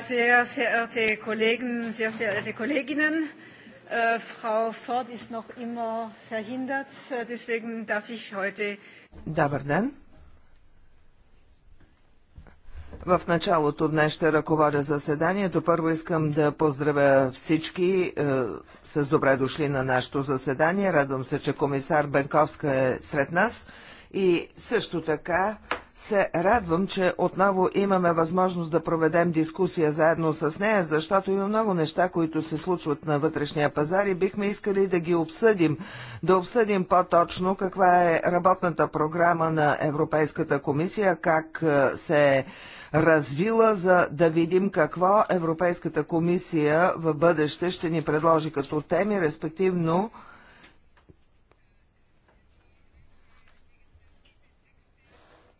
sehr verehrte Kollegen, sehr verehrte Kolleginnen, äh, Frau Ford ist noch immer verhindert, äh, deswegen darf ich heute. Добър ден. В началото днес ще ръководя заседанието. Първо искам да поздравя всички е, с добре дошли на нашето заседание. Радвам се, че комисар Бенковска е сред нас и също така се радвам, че отново имаме възможност да проведем дискусия заедно с нея, защото има много неща, които се случват на вътрешния пазар и бихме искали да ги обсъдим. Да обсъдим по-точно каква е работната програма на Европейската комисия, как е, се е развила, за да видим какво Европейската комисия в бъдеще ще ни предложи като теми, респективно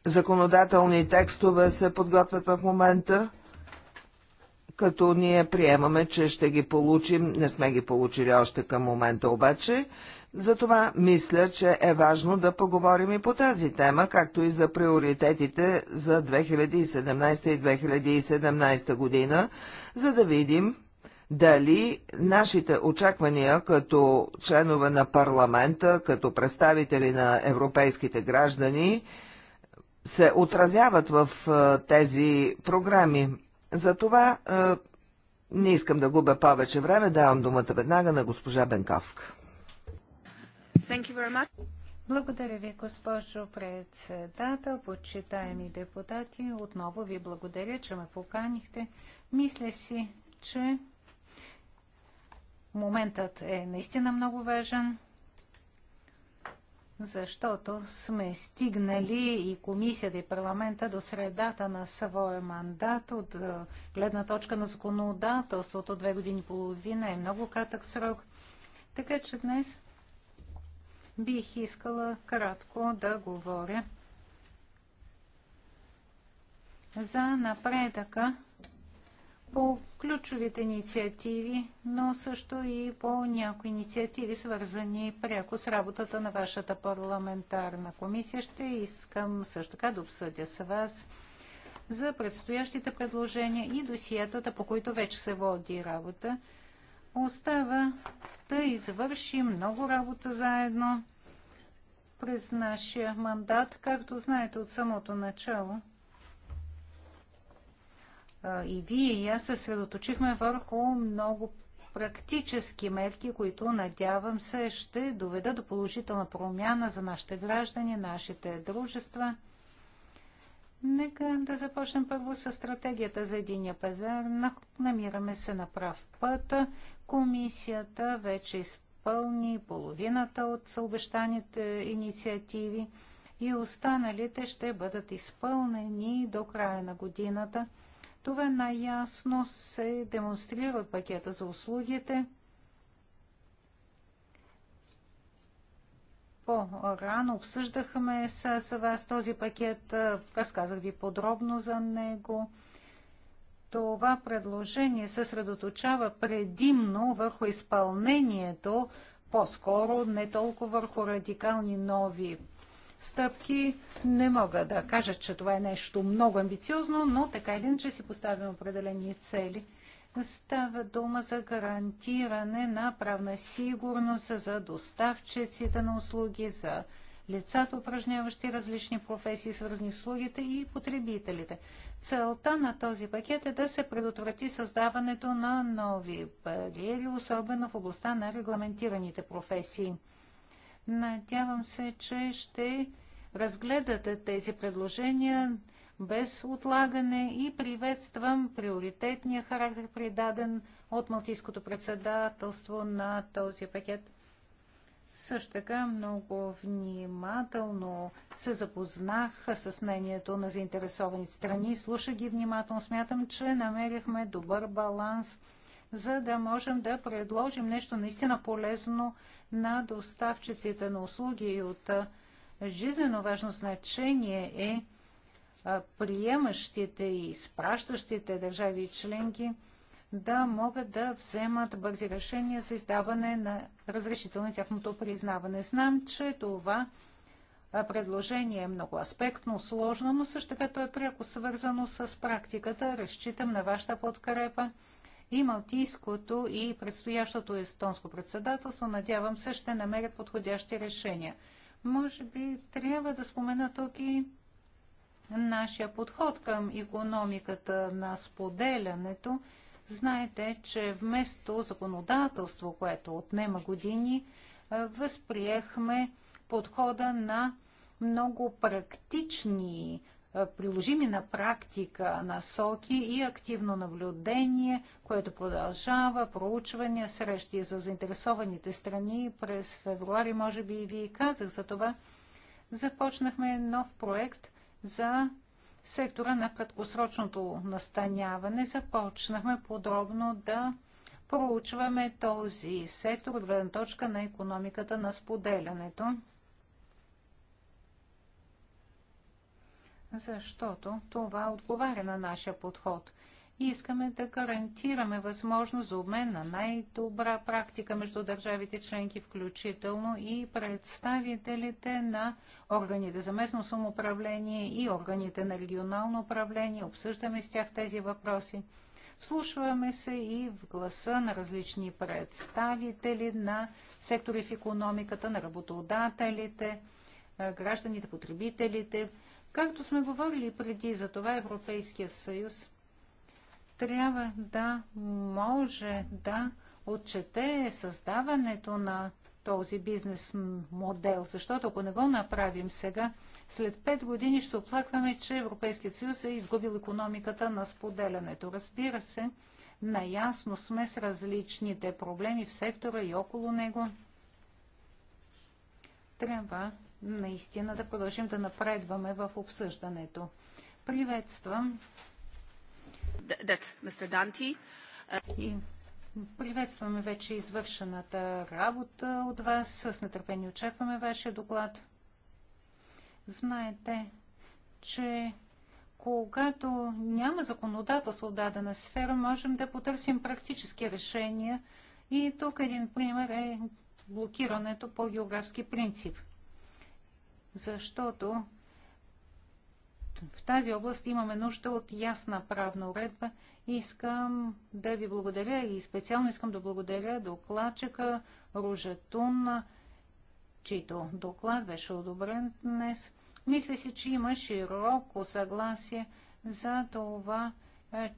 законодателни текстове се подготвят в момента, като ние приемаме, че ще ги получим. Не сме ги получили още към момента обаче. Затова мисля, че е важно да поговорим и по тази тема, както и за приоритетите за 2017 и 2017 година, за да видим дали нашите очаквания като членове на парламента, като представители на европейските граждани – се отразяват в тези програми. Затова не искам да губя повече време, давам думата веднага на госпожа Бенковска. Благодаря ви, госпожо председател, почитаеми депутати. Отново ви благодаря, че ме поканихте. Мисля си, че моментът е наистина много важен защото сме стигнали и комисията и парламента до средата на своя мандат от е, гледна точка на законодателството. Две години и половина е много кратък срок. Така че днес бих искала кратко да говоря за напредъка по ключовите инициативи, но също и по някои инициативи, свързани пряко с работата на вашата парламентарна комисия. Ще искам също така да обсъдя с вас за предстоящите предложения и досиятата, по които вече се води работа. Остава да извършим много работа заедно през нашия мандат, както знаете от самото начало – и вие и аз се съсредоточихме върху много практически мерки, които надявам се ще доведат до положителна промяна за нашите граждани, нашите дружества. Нека да започнем първо с стратегията за единия пазар. Намираме се на прав път. Комисията вече изпълни половината от обещаните инициативи и останалите ще бъдат изпълнени до края на годината. Това най-ясно се демонстрира от пакета за услугите. По-рано обсъждахме с, с вас този пакет, разказах ви подробно за него. Това предложение се средоточава предимно върху изпълнението, по-скоро не толкова върху радикални нови стъпки. Не мога да кажа, че това е нещо много амбициозно, но така или иначе си поставим определени цели. Става дума за гарантиране на правна сигурност за доставчиците на услуги, за лицата, упражняващи различни професии, свързани с услугите и потребителите. Целта на този пакет е да се предотврати създаването на нови бариери, особено в областта на регламентираните професии. Надявам се, че ще разгледате тези предложения без отлагане и приветствам приоритетния характер, придаден от Малтийското председателство на този пакет. Също така много внимателно се запознах с мнението на заинтересованите страни. Слушах ги внимателно. Смятам, че намерихме добър баланс – за да можем да предложим нещо наистина полезно на доставчиците на услуги и от жизненно важно значение е приемащите и изпращащите държави и членки да могат да вземат бързи решения за издаване на разрешително тяхното признаване. Знам, че това предложение е много аспектно, сложно, но също като е пряко свързано с практиката. Разчитам на вашата подкрепа и Малтийското и предстоящото естонско председателство, надявам се, ще намерят подходящи решения. Може би трябва да спомена тук и нашия подход към економиката на споделянето. Знаете, че вместо законодателство, което отнема години, възприехме подхода на много практични е, приложими на практика насоки и активно наблюдение, което продължава, проучвания, срещи за заинтересованите страни. През февруари, може би и ви казах за това, започнахме нов проект за сектора на краткосрочното настаняване. Започнахме подробно да проучваме този сектор от гледна точка на економиката на споделянето. защото това отговаря на нашия подход. И искаме да гарантираме възможност за обмен на най-добра практика между държавите членки, включително и представителите на органите за местно самоуправление и органите на регионално управление. Обсъждаме с тях тези въпроси. Вслушваме се и в гласа на различни представители на сектори в економиката, на работодателите, гражданите, потребителите, Както сме говорили преди за това, Европейския съюз трябва да може да отчете създаването на този бизнес модел, защото ако не го направим сега, след 5 години ще се оплакваме, че Европейският съюз е изгубил економиката на споделянето. Разбира се, наясно сме с различните проблеми в сектора и около него. Трябва наистина да продължим да напредваме в обсъждането. Приветствам. Данти. И приветстваме вече извършената работа от вас. С нетърпение очакваме вашия доклад. Знаете, че когато няма законодателство в дадена сфера, можем да потърсим практически решения. И тук един пример е блокирането по географски принцип – защото в тази област имаме нужда от ясна правна уредба. Искам да ви благодаря и специално искам да благодаря докладчика Ружатун, чийто доклад беше одобрен днес. Мисля си, че има широко съгласие за това,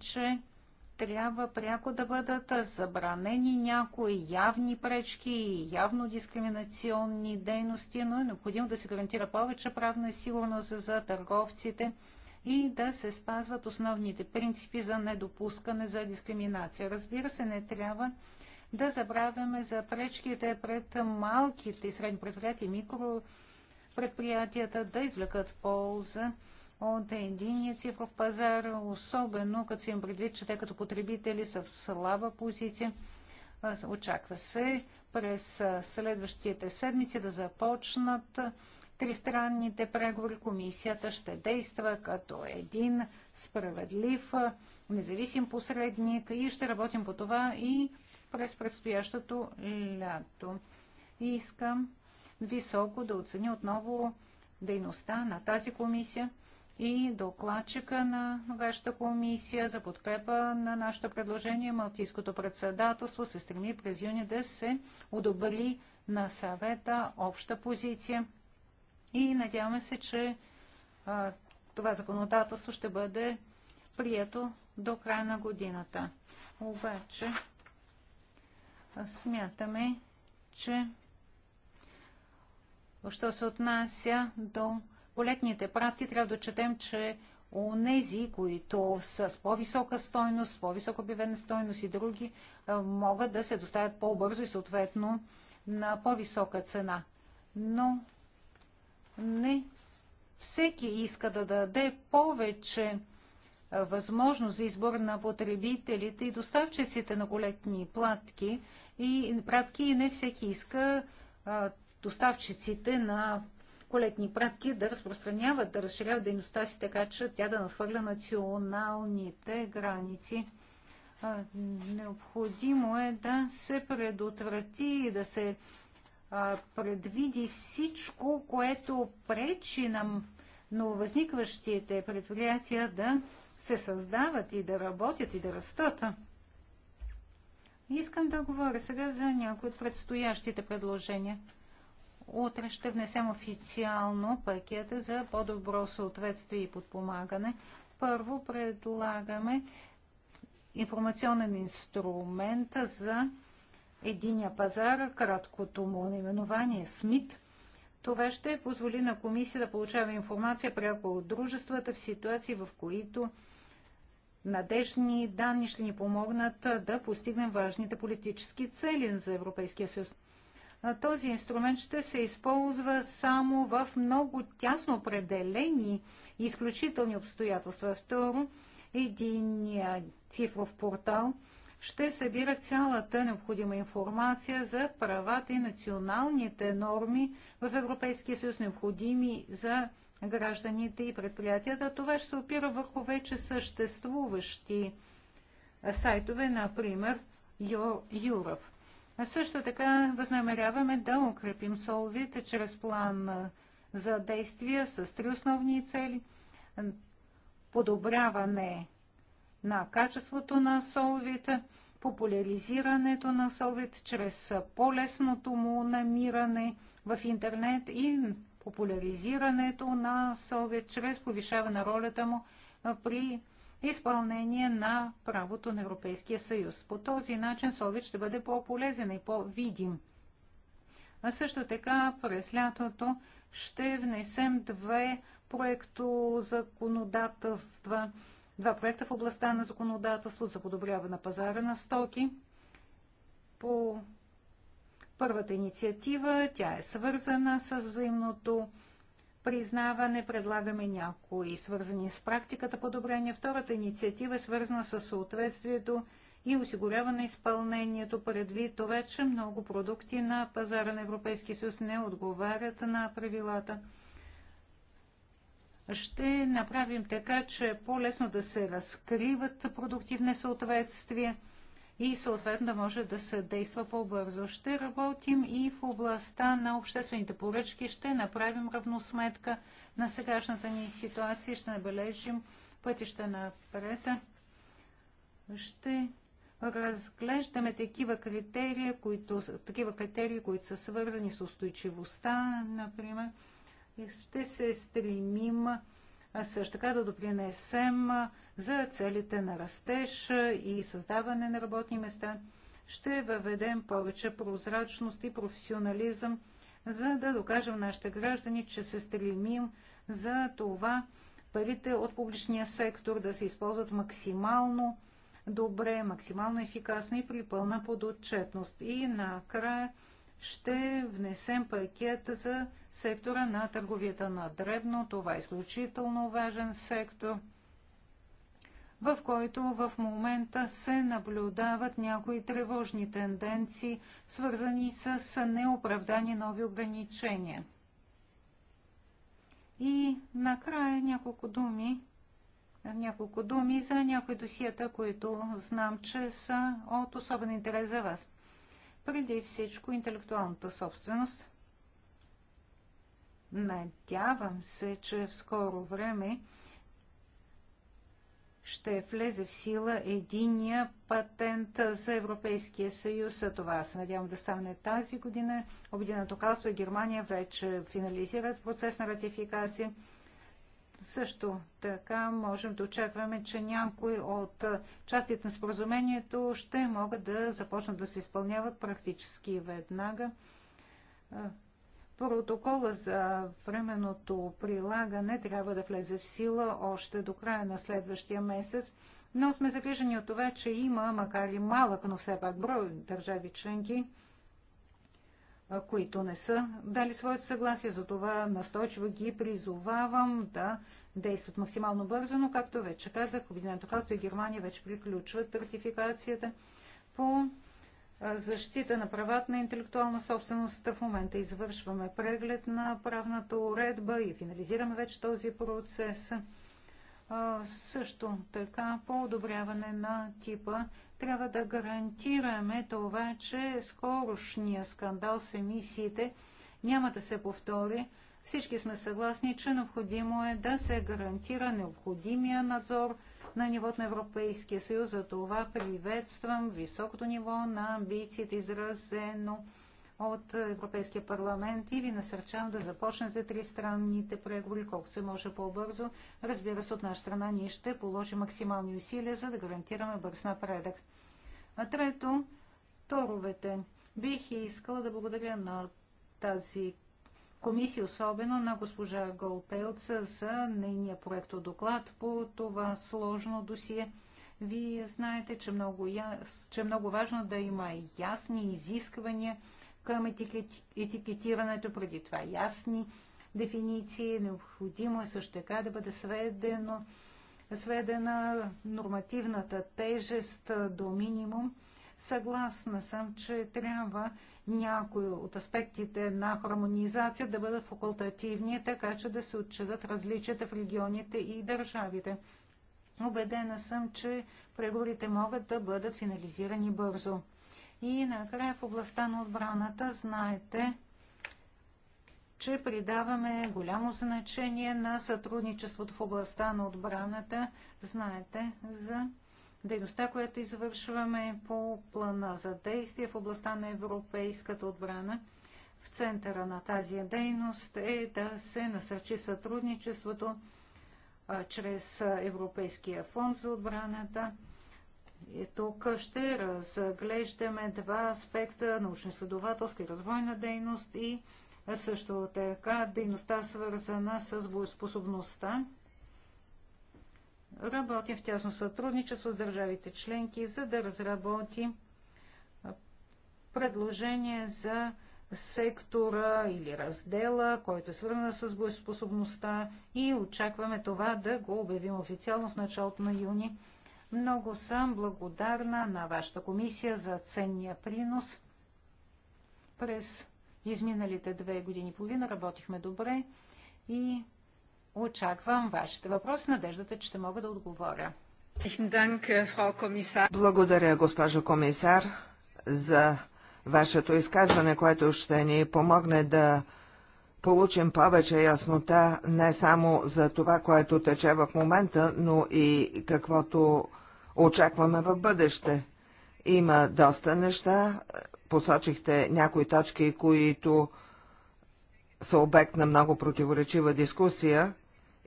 че трябва пряко да бъдат забранени някои явни пречки и явно дискриминационни дейности, но е необходимо да се гарантира повече правна сигурност за търговците и да се спазват основните принципи за недопускане за дискриминация. Разбира се, не трябва да забравяме за пречките пред малките и средни предприятия и микропредприятията да извлекат полза от единния цифров пазар, особено като си им предвид, че те като потребители са в слаба позиция. Очаква се през следващите седмици да започнат тристранните преговори. Комисията ще действа като един справедлив, независим посредник и ще работим по това и през предстоящото лято. И искам високо да оценя отново дейността на тази комисия и докладчика на вашата комисия за подкрепа на нашето предложение. Малтийското председателство се стреми през юни да се одобри на съвета обща позиция и надяваме се, че а, това законодателство ще бъде прието до края на годината. Обаче смятаме, че що се отнася до по летните пратки трябва да четем, че у нези, които са с по-висока стойност, с по-висока обивена стойност и други, е, могат да се доставят по-бързо и съответно на по-висока цена. Но не всеки иска да даде повече е, възможност за избор на потребителите и доставчиците на колетни платки и пратки и не всеки иска е, доставчиците на колетни пратки, да разпространяват, да разширяват дейността си така, че тя да надхвърля националните граници. Необходимо е да се предотврати и да се предвиди всичко, което пречи на нововъзникващите предприятия да се създават и да работят и да растат. Искам да говоря сега за някои от предстоящите предложения утре ще внесем официално пакета за по-добро съответствие и подпомагане. Първо предлагаме информационен инструмент за единия пазар, краткото му наименование е СМИТ. Това ще позволи на комисия да получава информация пряко от дружествата в ситуации, в които надежни данни ще ни помогнат да постигнем важните политически цели за Европейския съюз този инструмент ще се използва само в много тясно определени изключителни обстоятелства. Второ, един цифров портал ще събира цялата необходима информация за правата и националните норми в Европейския съюз, необходими за гражданите и предприятията. Това ще се опира върху вече съществуващи сайтове, например Your Europe. Също така възнамеряваме да укрепим Солвит чрез план за действия с три основни цели. Подобряване на качеството на Солвит, популяризирането на Солвит чрез по-лесното му намиране в интернет и популяризирането на Солвит чрез повишаване ролята му при изпълнение на правото на Европейския съюз. По този начин Солвич ще бъде по-полезен и по-видим. А също така през лятото ще внесем две проекто законодателства, два проекта в областта на законодателство за подобряване на пазара на стоки. По първата инициатива тя е свързана с взаимното признаване предлагаме някои свързани с практиката подобрения. Втората инициатива е свързана с съответствието и осигуряване изпълнението предвид това, че много продукти на пазара на Европейския съюз не отговарят на правилата. Ще направим така, че е по-лесно да се разкриват продукти в несъответствие – и съответно да може да се действа по-бързо. Ще работим и в областта на обществените поръчки, ще направим равносметка на сегашната ни ситуация, ще набележим пътища на прета. Ще разглеждаме такива критерии, които, такива критерии, които са свързани с устойчивостта, например. И ще се стремим също така да допринесем за целите на растеж и създаване на работни места. Ще въведем повече прозрачност и професионализъм, за да докажем нашите граждани, че се стремим за това парите от публичния сектор да се използват максимално добре, максимално ефикасно и при пълна подотчетност. И накрая ще внесем пакет за сектора на търговията на дребно. Това е изключително важен сектор – в който в момента се наблюдават някои тревожни тенденции, свързани с неоправдани нови ограничения. И накрая няколко думи, няколко думи за някои досиета, които знам, че са от особен интерес за вас. Преди всичко интелектуалната собственост. Надявам се, че в скоро време ще влезе в сила единия патент за Европейския съюз. А това се надявам да стане тази година. Обединеното кралство и Германия вече финализират процес на ратификация. Също така можем да очакваме, че някои от частите на споразумението ще могат да започнат да се изпълняват практически веднага. Протокола за временното прилагане трябва да влезе в сила още до края на следващия месец, но сме загрижени от това, че има, макар и малък, но все пак брой държави членки, които не са дали своето съгласие. За това настойчиво ги призовавам да действат максимално бързо, но както вече казах, Обединеното кралство и Германия вече приключват ратификацията по защита на правата на интелектуална собственост. В момента извършваме преглед на правната уредба и финализираме вече този процес. Също така по одобряване на типа трябва да гарантираме това, че скорошния скандал с емисиите няма да се повтори. Всички сме съгласни, че необходимо е да се гарантира необходимия надзор – на нивото на Европейския съюз. За това приветствам високото ниво на амбициите, изразено от Европейския парламент и ви насърчавам да започнете тристранните преговори колкото се може по-бързо. Разбира се, от наша страна ние ще положим максимални усилия, за да гарантираме бърз напредък. А трето, торовете. Бих искала да благодаря на тази комисии, особено на госпожа Голпелца за нейния доклад по това сложно досие. Вие знаете, че много, я... че е много важно да има ясни изисквания към етикет, етикетирането, преди това ясни дефиниции. Необходимо е също така да бъде сведено, сведена нормативната тежест до минимум. Съгласна съм, че трябва някои от аспектите на хармонизация да бъдат факултативни, така че да се отчитат различията в регионите и държавите. Обедена съм, че преговорите могат да бъдат финализирани бързо. И накрая в областта на отбраната знаете, че придаваме голямо значение на сътрудничеството в областта на отбраната. Знаете за дейността, която извършваме по плана за действие в областта на европейската отбрана. В центъра на тази дейност е да се насърчи сътрудничеството а, чрез Европейския фонд за отбраната. И тук ще разглеждаме два аспекта – научно-изследователска и развойна дейност и също така дейността свързана с боеспособността. Работим в тясно сътрудничество с държавите членки, за да разработи предложение за сектора или раздела, който е свързан с боеспособността и очакваме това да го обявим официално в началото на юни. Много съм благодарна на вашата комисия за ценния принос. През изминалите две години и половина работихме добре и Очаквам вашите въпроси надеждата, че ще мога да отговоря. Е, Благодаря, госпожо комисар, за вашето изказване, което ще ни помогне да получим повече яснота не само за това, което тече в момента, но и каквото очакваме в бъдеще. Има доста неща. Посочихте някои точки, които са обект на много противоречива дискусия.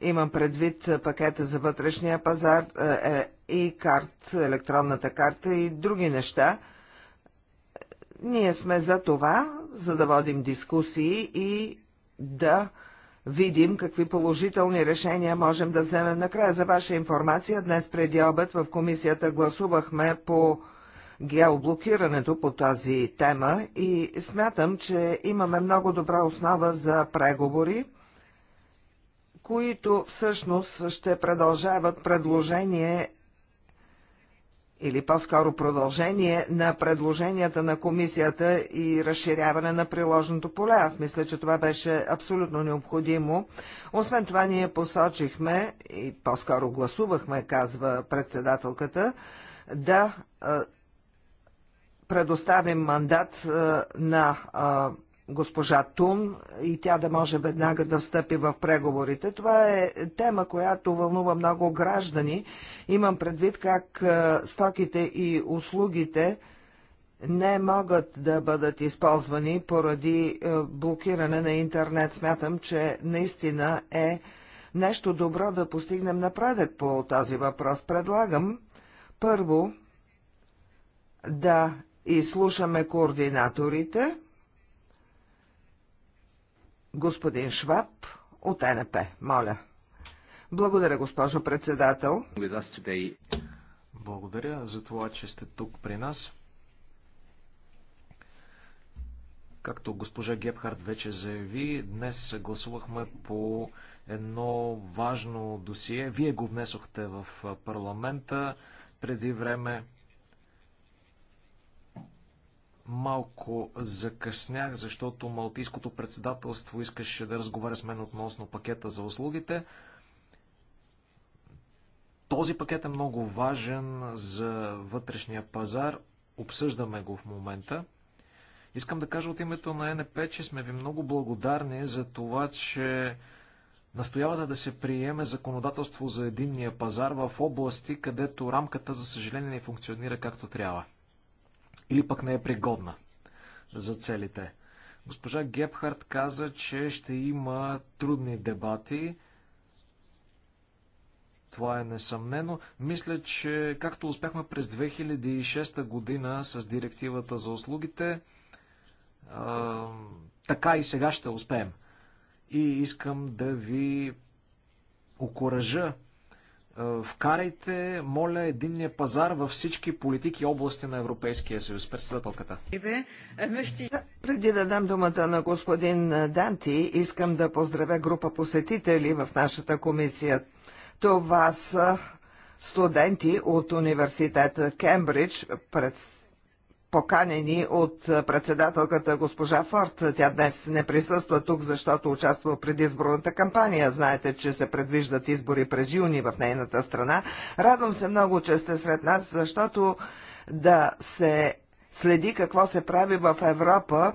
Имам предвид е, пакета за вътрешния пазар е, е, и карт, електронната карта и други неща. Ние сме за това, за да водим дискусии и да видим какви положителни решения можем да вземем накрая. За ваша информация, днес преди обед в комисията гласувахме по геоблокирането по тази тема и смятам, че имаме много добра основа за преговори които всъщност ще продължават предложение или по-скоро продължение на предложенията на комисията и разширяване на приложното поле. Аз мисля, че това беше абсолютно необходимо. Освен това, ние посочихме и по-скоро гласувахме, казва председателката, да предоставим мандат на госпожа Тун и тя да може веднага да встъпи в преговорите. Това е тема, която вълнува много граждани. Имам предвид как е, стоките и услугите не могат да бъдат използвани поради е, блокиране на интернет. Смятам, че наистина е нещо добро да постигнем напредък по този въпрос. Предлагам първо да изслушаме координаторите – Господин Шваб от НП, моля. Благодаря, госпожо председател. Благодаря за това, че сте тук при нас. Както госпожа Гепхард вече заяви, днес гласувахме по едно важно досие. Вие го внесохте в парламента преди време малко закъснях, защото Малтийското председателство искаше да разговаря с мен относно пакета за услугите. Този пакет е много важен за вътрешния пазар. Обсъждаме го в момента. Искам да кажа от името на НП, че сме ви много благодарни за това, че настоявате да се приеме законодателство за единния пазар в области, където рамката, за съжаление, не функционира както трябва или пък не е пригодна за целите. Госпожа Гепхард каза, че ще има трудни дебати. Това е несъмнено. Мисля, че както успяхме през 2006 година с директивата за услугите, а, така и сега ще успеем. И искам да ви окоръжа е, вкарайте, моля, единния пазар във всички политики и области на Европейския съюз. Председателката. Преди да дам думата на господин Данти, искам да поздравя група посетители в нашата комисия. Това са студенти от университета Кембридж, представители поканени от председателката госпожа Форд. Тя днес не присъства тук, защото участва в предизборната кампания. Знаете, че се предвиждат избори през юни в нейната страна. Радвам се много, че сте сред нас, защото да се следи какво се прави в Европа,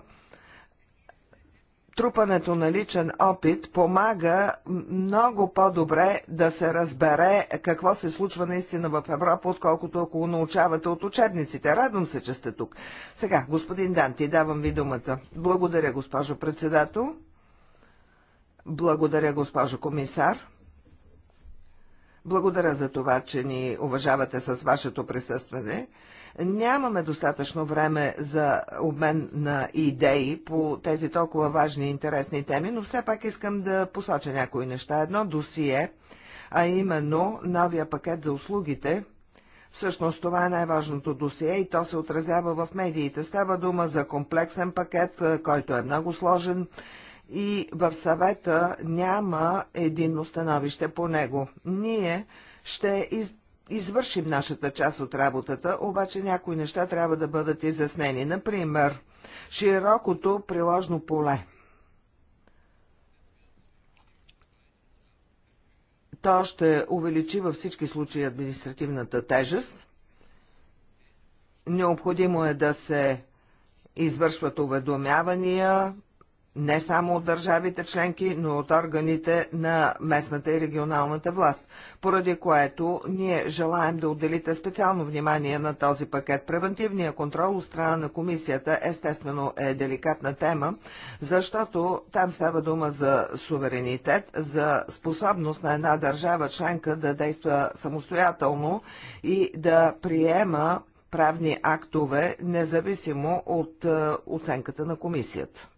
трупането на личен опит помага много по-добре да се разбере какво се случва наистина в Европа, отколкото ако го научавате от учебниците. Радвам се, че сте тук. Сега, господин Данти, давам ви думата. Благодаря, госпожо председател. Благодаря, госпожо комисар. Благодаря за това, че ни уважавате с вашето присъстване. Нямаме достатъчно време за обмен на идеи по тези толкова важни и интересни теми, но все пак искам да посоча някои неща. Едно досие, а именно новия пакет за услугите, Всъщност това е най-важното досие и то се отразява в медиите. Става дума за комплексен пакет, който е много сложен и в съвета няма единно становище по него. Ние ще из извършим нашата част от работата, обаче някои неща трябва да бъдат изяснени. Например, широкото приложно поле. То ще увеличи във всички случаи административната тежест. Необходимо е да се извършват уведомявания не само от държавите членки, но от органите на местната и регионалната власт поради което ние желаем да отделите специално внимание на този пакет. Превентивният контрол от страна на комисията естествено е деликатна тема, защото там става дума за суверенитет, за способност на една държава членка да действа самостоятелно и да приема правни актове, независимо от е, оценката на комисията.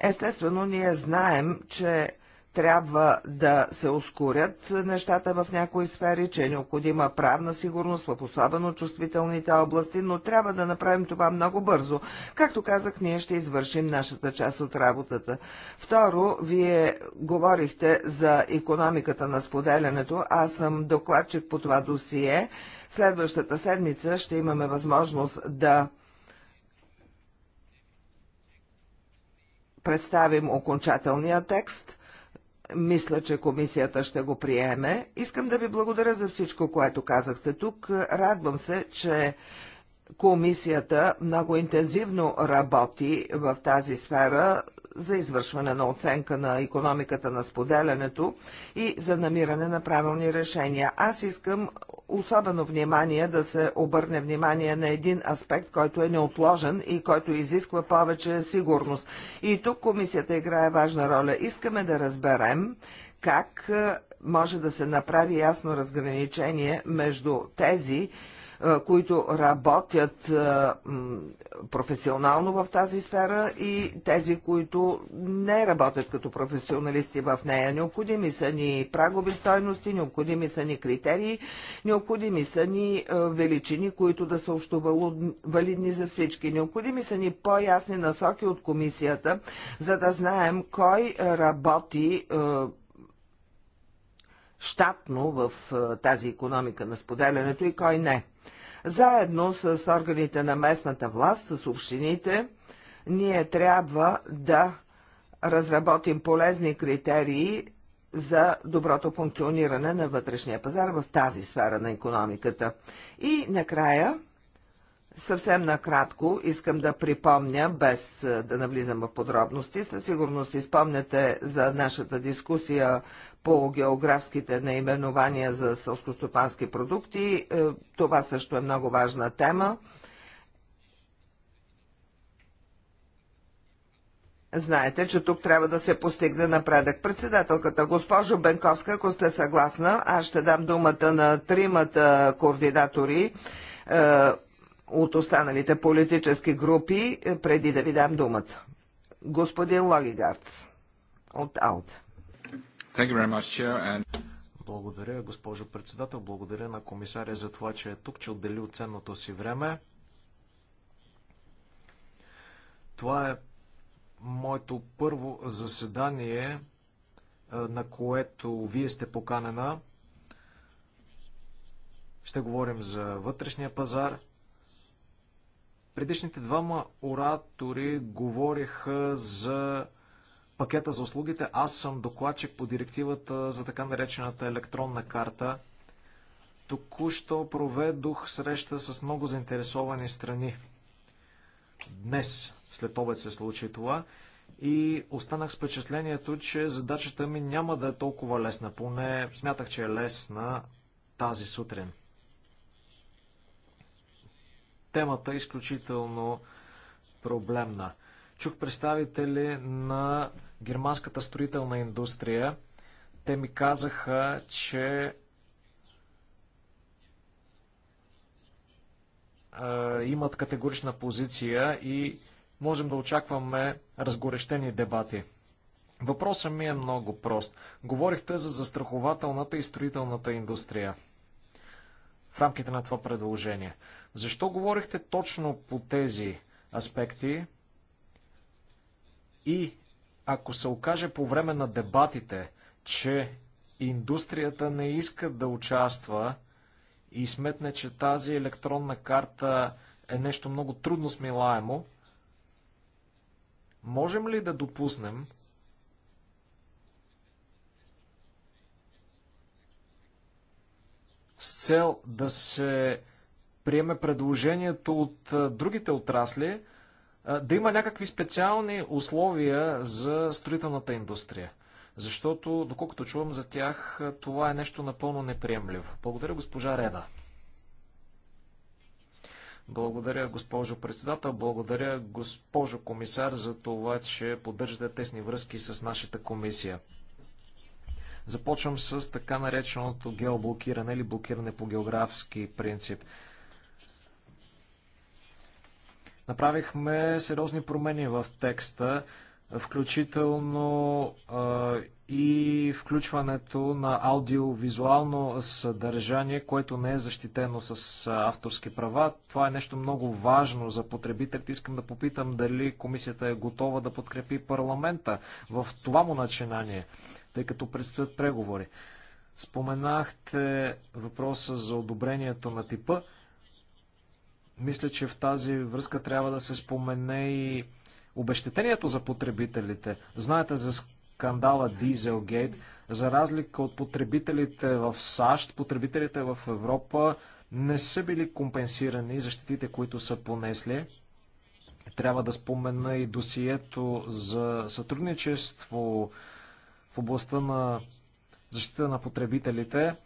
Естествено, ние знаем, че трябва да се ускорят нещата в някои сфери, че е необходима правна сигурност в особено чувствителните области, но трябва да направим това много бързо. Както казах, ние ще извършим нашата част от работата. Второ, вие говорихте за економиката на споделянето. Аз съм докладчик по това досие. Следващата седмица ще имаме възможност да представим окончателния текст мисля, че комисията ще го приеме. Искам да ви благодаря за всичко, което казахте тук. Радвам се, че комисията много интензивно работи в тази сфера за извършване на оценка на економиката на споделянето и за намиране на правилни решения. Аз искам особено внимание да се обърне внимание на един аспект, който е неотложен и който изисква повече сигурност. И тук комисията играе важна роля. Искаме да разберем как е, може да се направи ясно разграничение между тези, които работят професионално в тази сфера и тези, които не работят като професионалисти в нея. Необходими са ни прагови стойности, необходими са ни критерии, необходими са ни величини, които да са общо валидни за всички. Необходими са ни по-ясни насоки от комисията, за да знаем кой работи щатно в тази економика на споделянето и кой не. Заедно с органите на местната власт, с общините, ние трябва да разработим полезни критерии за доброто функциониране на вътрешния пазар в тази сфера на економиката. И накрая, съвсем накратко, искам да припомня, без е, да навлизам в подробности, със сигурност си спомняте за нашата дискусия по географските наименования за сълскостопански продукти. Е, това също е много важна тема. Знаете, че тук трябва да се постигне напредък. Председателката госпожо Бенковска, ако сте съгласна, аз ще дам думата на тримата координатори е, от останалите политически групи, е, преди да ви дам думата. Господин Логигарц от АУТА. Much, And... Благодаря, госпожо председател. Благодаря на комисаря за това, че е тук, че отдели от ценното си време. Това е моето първо заседание, е, на което вие сте поканена. Ще говорим за вътрешния пазар. Предишните двама оратори говориха за пакета за услугите. Аз съм докладчик по директивата за така наречената електронна карта. Току-що проведох среща с много заинтересовани страни. Днес, след обед се случи това и останах с впечатлението, че задачата ми няма да е толкова лесна. Поне смятах, че е лесна тази сутрин. Темата е изключително проблемна. Чух представители на германската строителна индустрия. Те ми казаха, че имат категорична позиция и можем да очакваме разгорещени дебати. Въпросът ми е много прост. Говорихте за застрахователната и строителната индустрия в рамките на това предложение. Защо говорихте точно по тези аспекти и ако се окаже по време на дебатите, че индустрията не иска да участва и сметне, че тази електронна карта е нещо много трудно смилаемо, можем ли да допуснем, с цел да се приеме предложението от другите отрасли, да има някакви специални условия за строителната индустрия. Защото, доколкото чувам за тях, това е нещо напълно неприемливо. Благодаря, госпожа Реда. Благодаря, госпожо председател. Благодаря, госпожо комисар, за това, че поддържате тесни връзки с нашата комисия. Започвам с така нареченото геоблокиране или блокиране по географски принцип. Направихме сериозни промени в текста, включително а, и включването на аудиовизуално съдържание, което не е защитено с авторски права. Това е нещо много важно за потребителите. Искам да попитам дали комисията е готова да подкрепи парламента в това му начинание, тъй като предстоят преговори. Споменахте въпроса за одобрението на типа. Мисля, че в тази връзка трябва да се спомене и обещетението за потребителите. Знаете за скандала Дизелгейт. За разлика от потребителите в САЩ, потребителите в Европа не са били компенсирани защитите, които са понесли. Трябва да спомена и досието за сътрудничество в областта на защита на потребителите.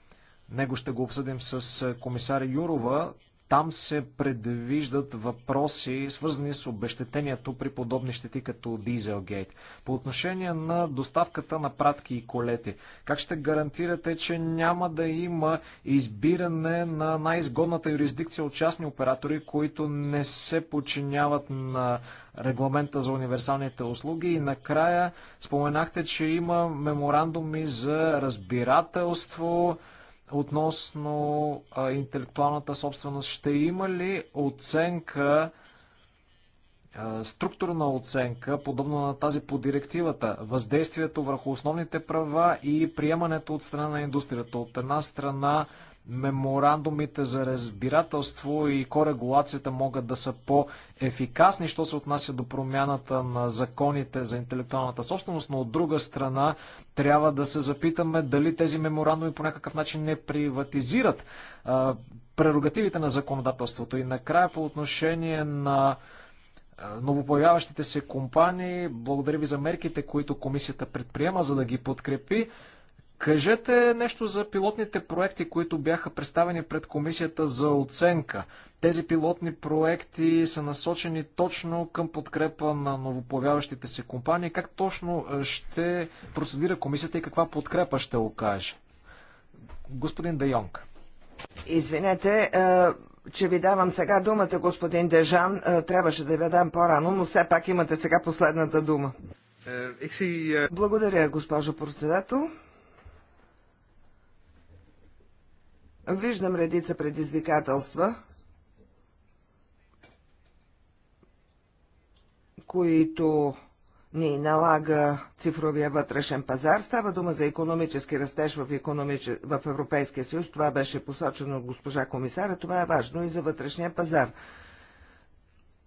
Него ще го обсъдим с комисар Юрова. Там се предвиждат въпроси, свързани с обещетението при подобни щети като Дизелгейт. По отношение на доставката на пратки и колети, как ще гарантирате, че няма да има избиране на най-изгодната юрисдикция от частни оператори, които не се подчиняват на регламента за универсалните услуги? И накрая споменахте, че има меморандуми за разбирателство, относно а, интелектуалната собственост. Ще има ли оценка, а, структурна оценка, подобно на тази по директивата, въздействието върху основните права и приемането от страна на индустрията? От една страна меморандумите за разбирателство и корегулацията могат да са по-ефикасни, що се отнася до промяната на законите за интелектуалната собственост, но от друга страна трябва да се запитаме дали тези меморандуми по някакъв начин не приватизират а, прерогативите на законодателството. И накрая по отношение на новопоявяващите се компании. Благодаря ви за мерките, които комисията предприема, за да ги подкрепи. Кажете нещо за пилотните проекти, които бяха представени пред комисията за оценка. Тези пилотни проекти са насочени точно към подкрепа на новоплавяващите се компании. Как точно е, ще процедира комисията и каква подкрепа ще окаже? Господин Дайонг. Извинете, е, че ви давам сега думата, господин Дежан. Е, трябваше да ви дам по-рано, но все пак имате сега последната дума. Благодаря, госпожо председател. Виждам редица предизвикателства, които ни налага цифровия вътрешен пазар. Става дума за економически растеж в, економиче... в Европейския съюз. Това беше посочено от госпожа комисара. Това е важно и за вътрешния пазар.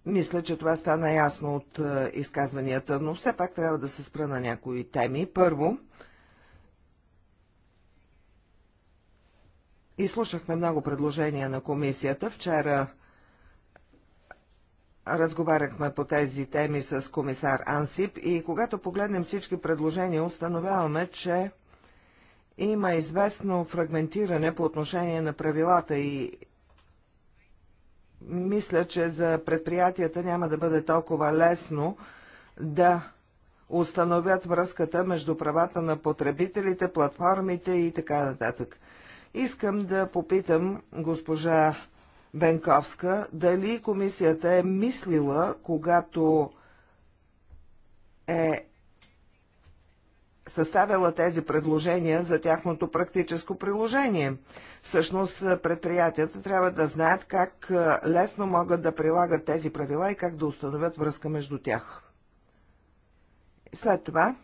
Мисля, че това стана ясно от е, изказванията, но все пак трябва да се спра на някои теми. Първо, изслушахме много предложения на комисията. Вчера разговаряхме по тези теми с комисар Ансип и когато погледнем всички предложения, установяваме, че има известно фрагментиране по отношение на правилата и мисля, че за предприятията няма да бъде толкова лесно да установят връзката между правата на потребителите, платформите и така нататък. Искам да попитам госпожа Бенковска дали комисията е мислила, когато е съставяла тези предложения за тяхното практическо приложение. Всъщност предприятията трябва да знаят как е, лесно могат да прилагат тези правила и как да установят връзка между тях. След това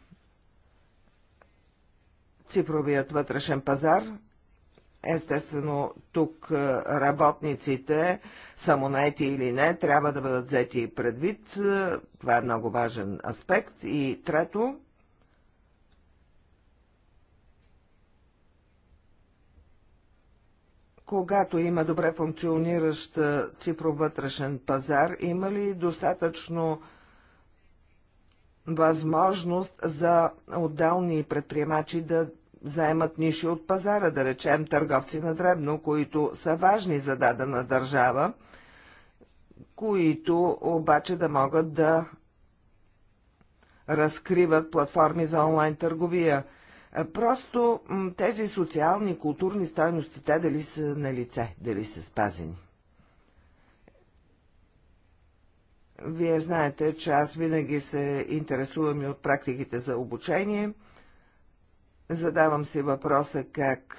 цифровият вътрешен пазар Естествено, тук е, работниците, самонаети или не, трябва да бъдат взети предвид. Е, това е много важен аспект. И трето, когато има добре функциониращ е, вътрешен пазар, има ли достатъчно възможност за отделни предприемачи да заемат ниши от пазара, да речем търговци на дребно, които са важни за дадена държава, които обаче да могат да разкриват платформи за онлайн търговия. Е, просто тези социални и културни стойности, те дали са на лице, дали са спазени. Вие знаете, че аз винаги се интересувам и от практиките за обучение – Задавам си въпроса как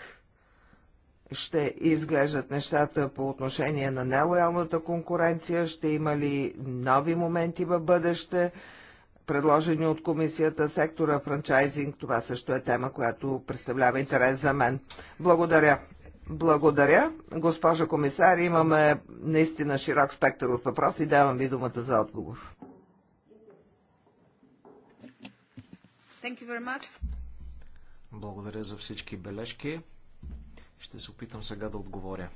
ще изглеждат нещата по отношение на нелоялната конкуренция, ще има ли нови моменти в бъдеще, предложени от комисията сектора франчайзинг. Това също е тема, която представлява интерес за мен. Благодаря. Благодаря. Госпожа комисар, имаме наистина широк спектър от въпроси. Давам ви думата за отговор. Благодаря за всички бележки. Ще се опитам сега да отговоря.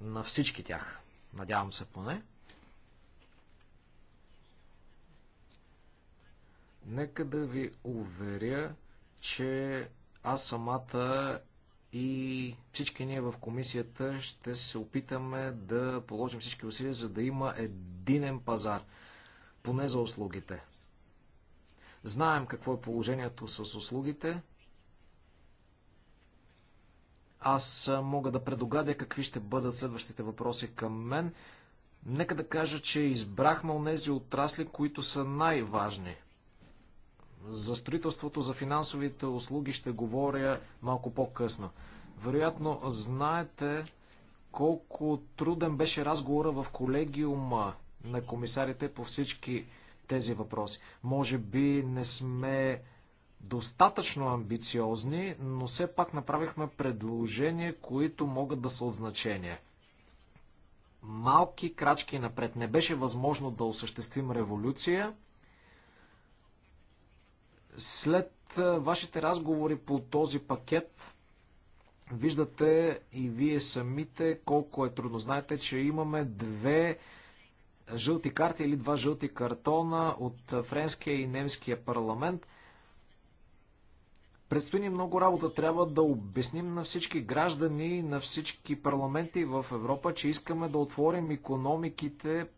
На всички тях. Надявам се поне. Нека да ви уверя, че аз самата и всички ние в комисията ще се опитаме да положим всички усилия, за да има единен пазар, поне за услугите. Знаем какво е положението с услугите. Аз мога да предогадя какви ще бъдат следващите въпроси към мен. Нека да кажа, че избрахме онези отрасли, които са най-важни. За строителството, за финансовите услуги ще говоря малко по-късно. Вероятно знаете колко труден беше разговора в колегиума на комисарите по всички тези въпроси. Може би не сме достатъчно амбициозни, но все пак направихме предложения, които могат да са от значение. Малки крачки напред. Не беше възможно да осъществим революция. След вашите разговори по този пакет, виждате и вие самите колко е трудно. Знаете, че имаме две жълти карти или два жълти картона от френския и немския парламент. Предстои ни много работа. Трябва да обясним на всички граждани, на всички парламенти в Европа, че искаме да отворим економиките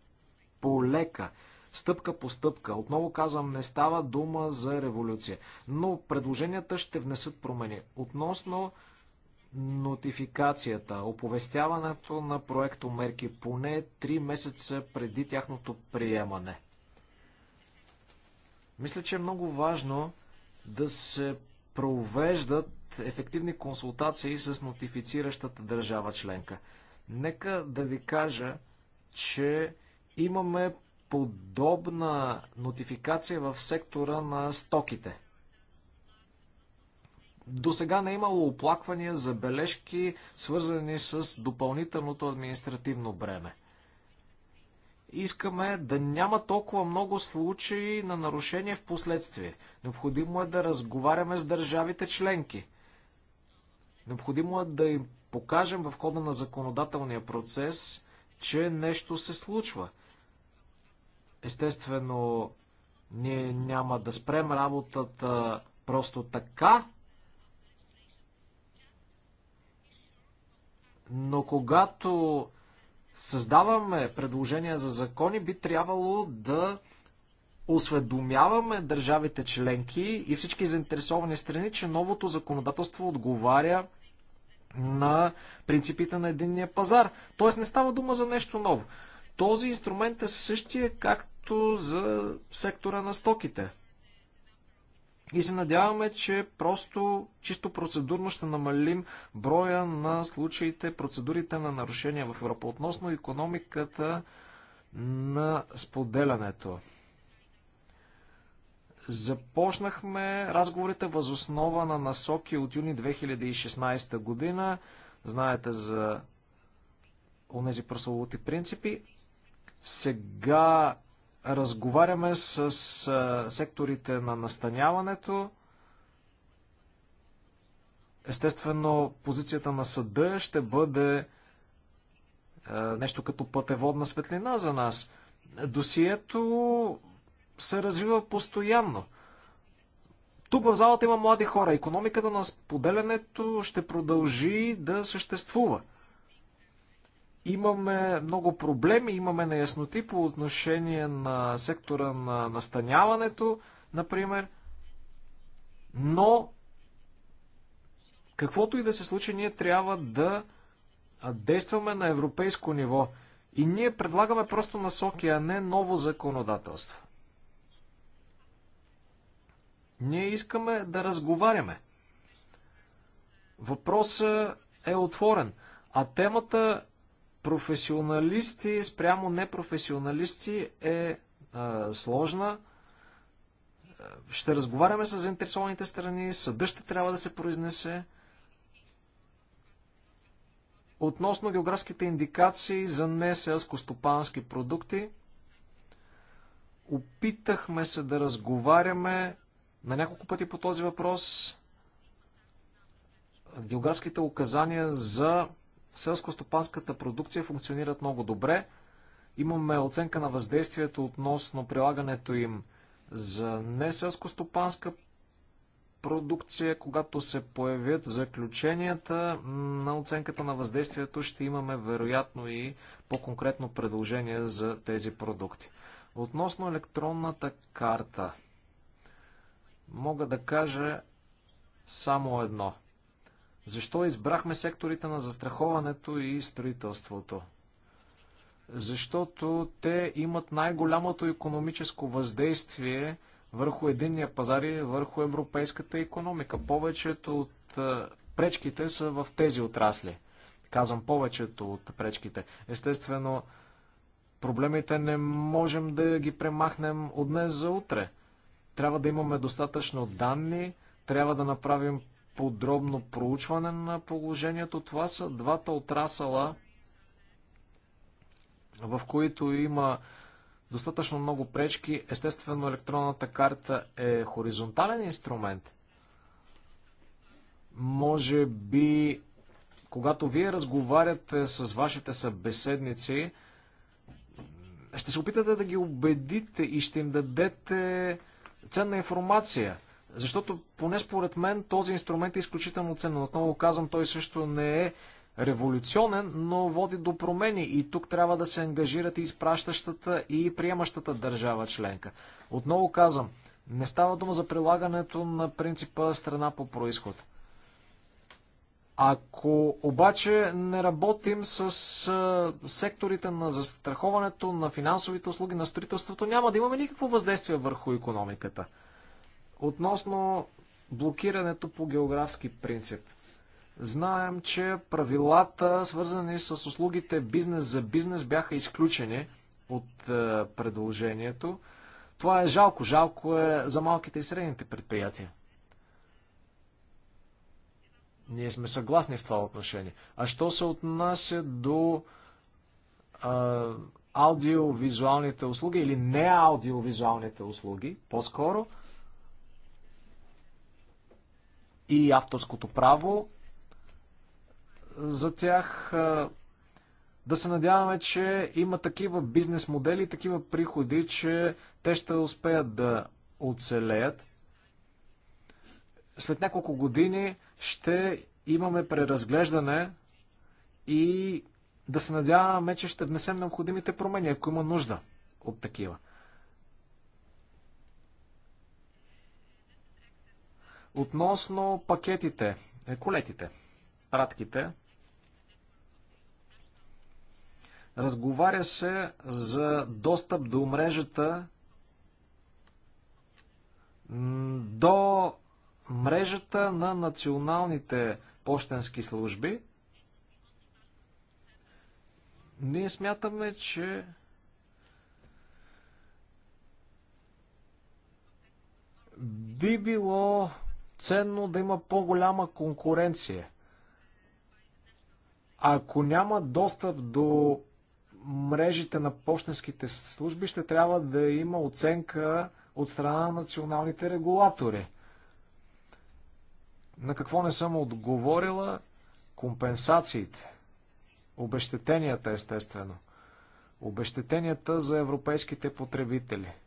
по лека стъпка по стъпка. Отново казвам, не става дума за революция. Но предложенията ще внесат промени. Относно нотификацията, оповестяването на проекто мерки поне 3 месеца преди тяхното приемане. Мисля, че е много важно да се провеждат ефективни консултации с нотифициращата държава членка. Нека да ви кажа, че имаме подобна нотификация в сектора на стоките – до сега не е имало оплаквания за бележки, свързани с допълнителното административно бреме. Искаме да няма толкова много случаи на нарушения в последствие. Необходимо е да разговаряме с държавите членки. Необходимо е да им покажем в хода на законодателния процес, че нещо се случва. Естествено, ние няма да спрем работата просто така, Но когато създаваме предложения за закони, би трябвало да осведомяваме държавите членки и всички заинтересовани страни, че новото законодателство отговаря на принципите на единния пазар. Тоест не става дума за нещо ново. Този инструмент е същия както за сектора на стоките. И се надяваме, че просто чисто процедурно ще намалим броя на случаите, процедурите на нарушения в Европа относно економиката на споделянето. Започнахме разговорите възоснова на насоки от юни 2016 година. Знаете за онези прословути принципи. Сега разговаряме с секторите на настаняването. Естествено, позицията на съда ще бъде нещо като пътеводна светлина за нас. Досието се развива постоянно. Тук в залата има млади хора. Економиката на споделянето ще продължи да съществува имаме много проблеми, имаме неясноти по отношение на сектора на настаняването, например. Но, каквото и да се случи, ние трябва да действаме на европейско ниво. И ние предлагаме просто насоки, а не ново законодателство. Ние искаме да разговаряме. Въпросът е отворен. А темата професионалисти спрямо непрофесионалисти е а, е, сложна. Е, ще разговаряме с заинтересованите страни, съда ще трябва да се произнесе. Относно географските индикации за неселско-стопански продукти, опитахме се да разговаряме на няколко пъти по този въпрос. Географските указания за селско-стопанската продукция функционират много добре. Имаме оценка на въздействието относно прилагането им за не селско-стопанска продукция. Когато се появят заключенията на оценката на въздействието, ще имаме вероятно и по-конкретно предложение за тези продукти. Относно електронната карта, мога да кажа само едно – защо избрахме секторите на застраховането и строителството? Защото те имат най-голямото економическо въздействие върху единния пазар и върху европейската економика. Повечето от пречките са в тези отрасли. Казвам повечето от пречките. Естествено, проблемите не можем да ги премахнем от днес за утре. Трябва да имаме достатъчно данни, трябва да направим подробно проучване на положението. Това са двата отрасъла, в които има достатъчно много пречки. Естествено, електронната карта е хоризонтален инструмент. Може би, когато вие разговаряте с вашите събеседници, ще се опитате да ги убедите и ще им дадете ценна информация – защото поне според мен този инструмент е изключително ценен. Отново казвам, той също не е революционен, но води до промени и тук трябва да се ангажират и изпращащата и приемащата държава членка. Отново казвам, не става дума за прилагането на принципа страна по происход. Ако обаче не работим с а, секторите на застраховането, на финансовите услуги, на строителството, няма да имаме никакво въздействие върху економиката. Относно блокирането по географски принцип. Знаем, че правилата, свързани с услугите бизнес за бизнес, бяха изключени от е, предложението. Това е жалко. Жалко е за малките и средните предприятия. Ние сме съгласни в това отношение. А що се отнася до а, е, аудиовизуалните услуги или не аудиовизуалните услуги, по-скоро – и авторското право за тях. Да се надяваме, че има такива бизнес модели, такива приходи, че те ще успеят да оцелеят. След няколко години ще имаме преразглеждане и да се надяваме, че ще внесем необходимите промени, ако има нужда от такива. Относно пакетите, е, колетите, пратките, разговаря се за достъп до мрежата до мрежата на националните почтенски служби. Ние смятаме, че би било ценно да има по-голяма конкуренция. Ако няма достъп до мрежите на почтенските служби, ще трябва да има оценка от страна на националните регулатори. На какво не съм отговорила? Компенсациите. Обещетенията, естествено. Обещетенията за европейските потребители –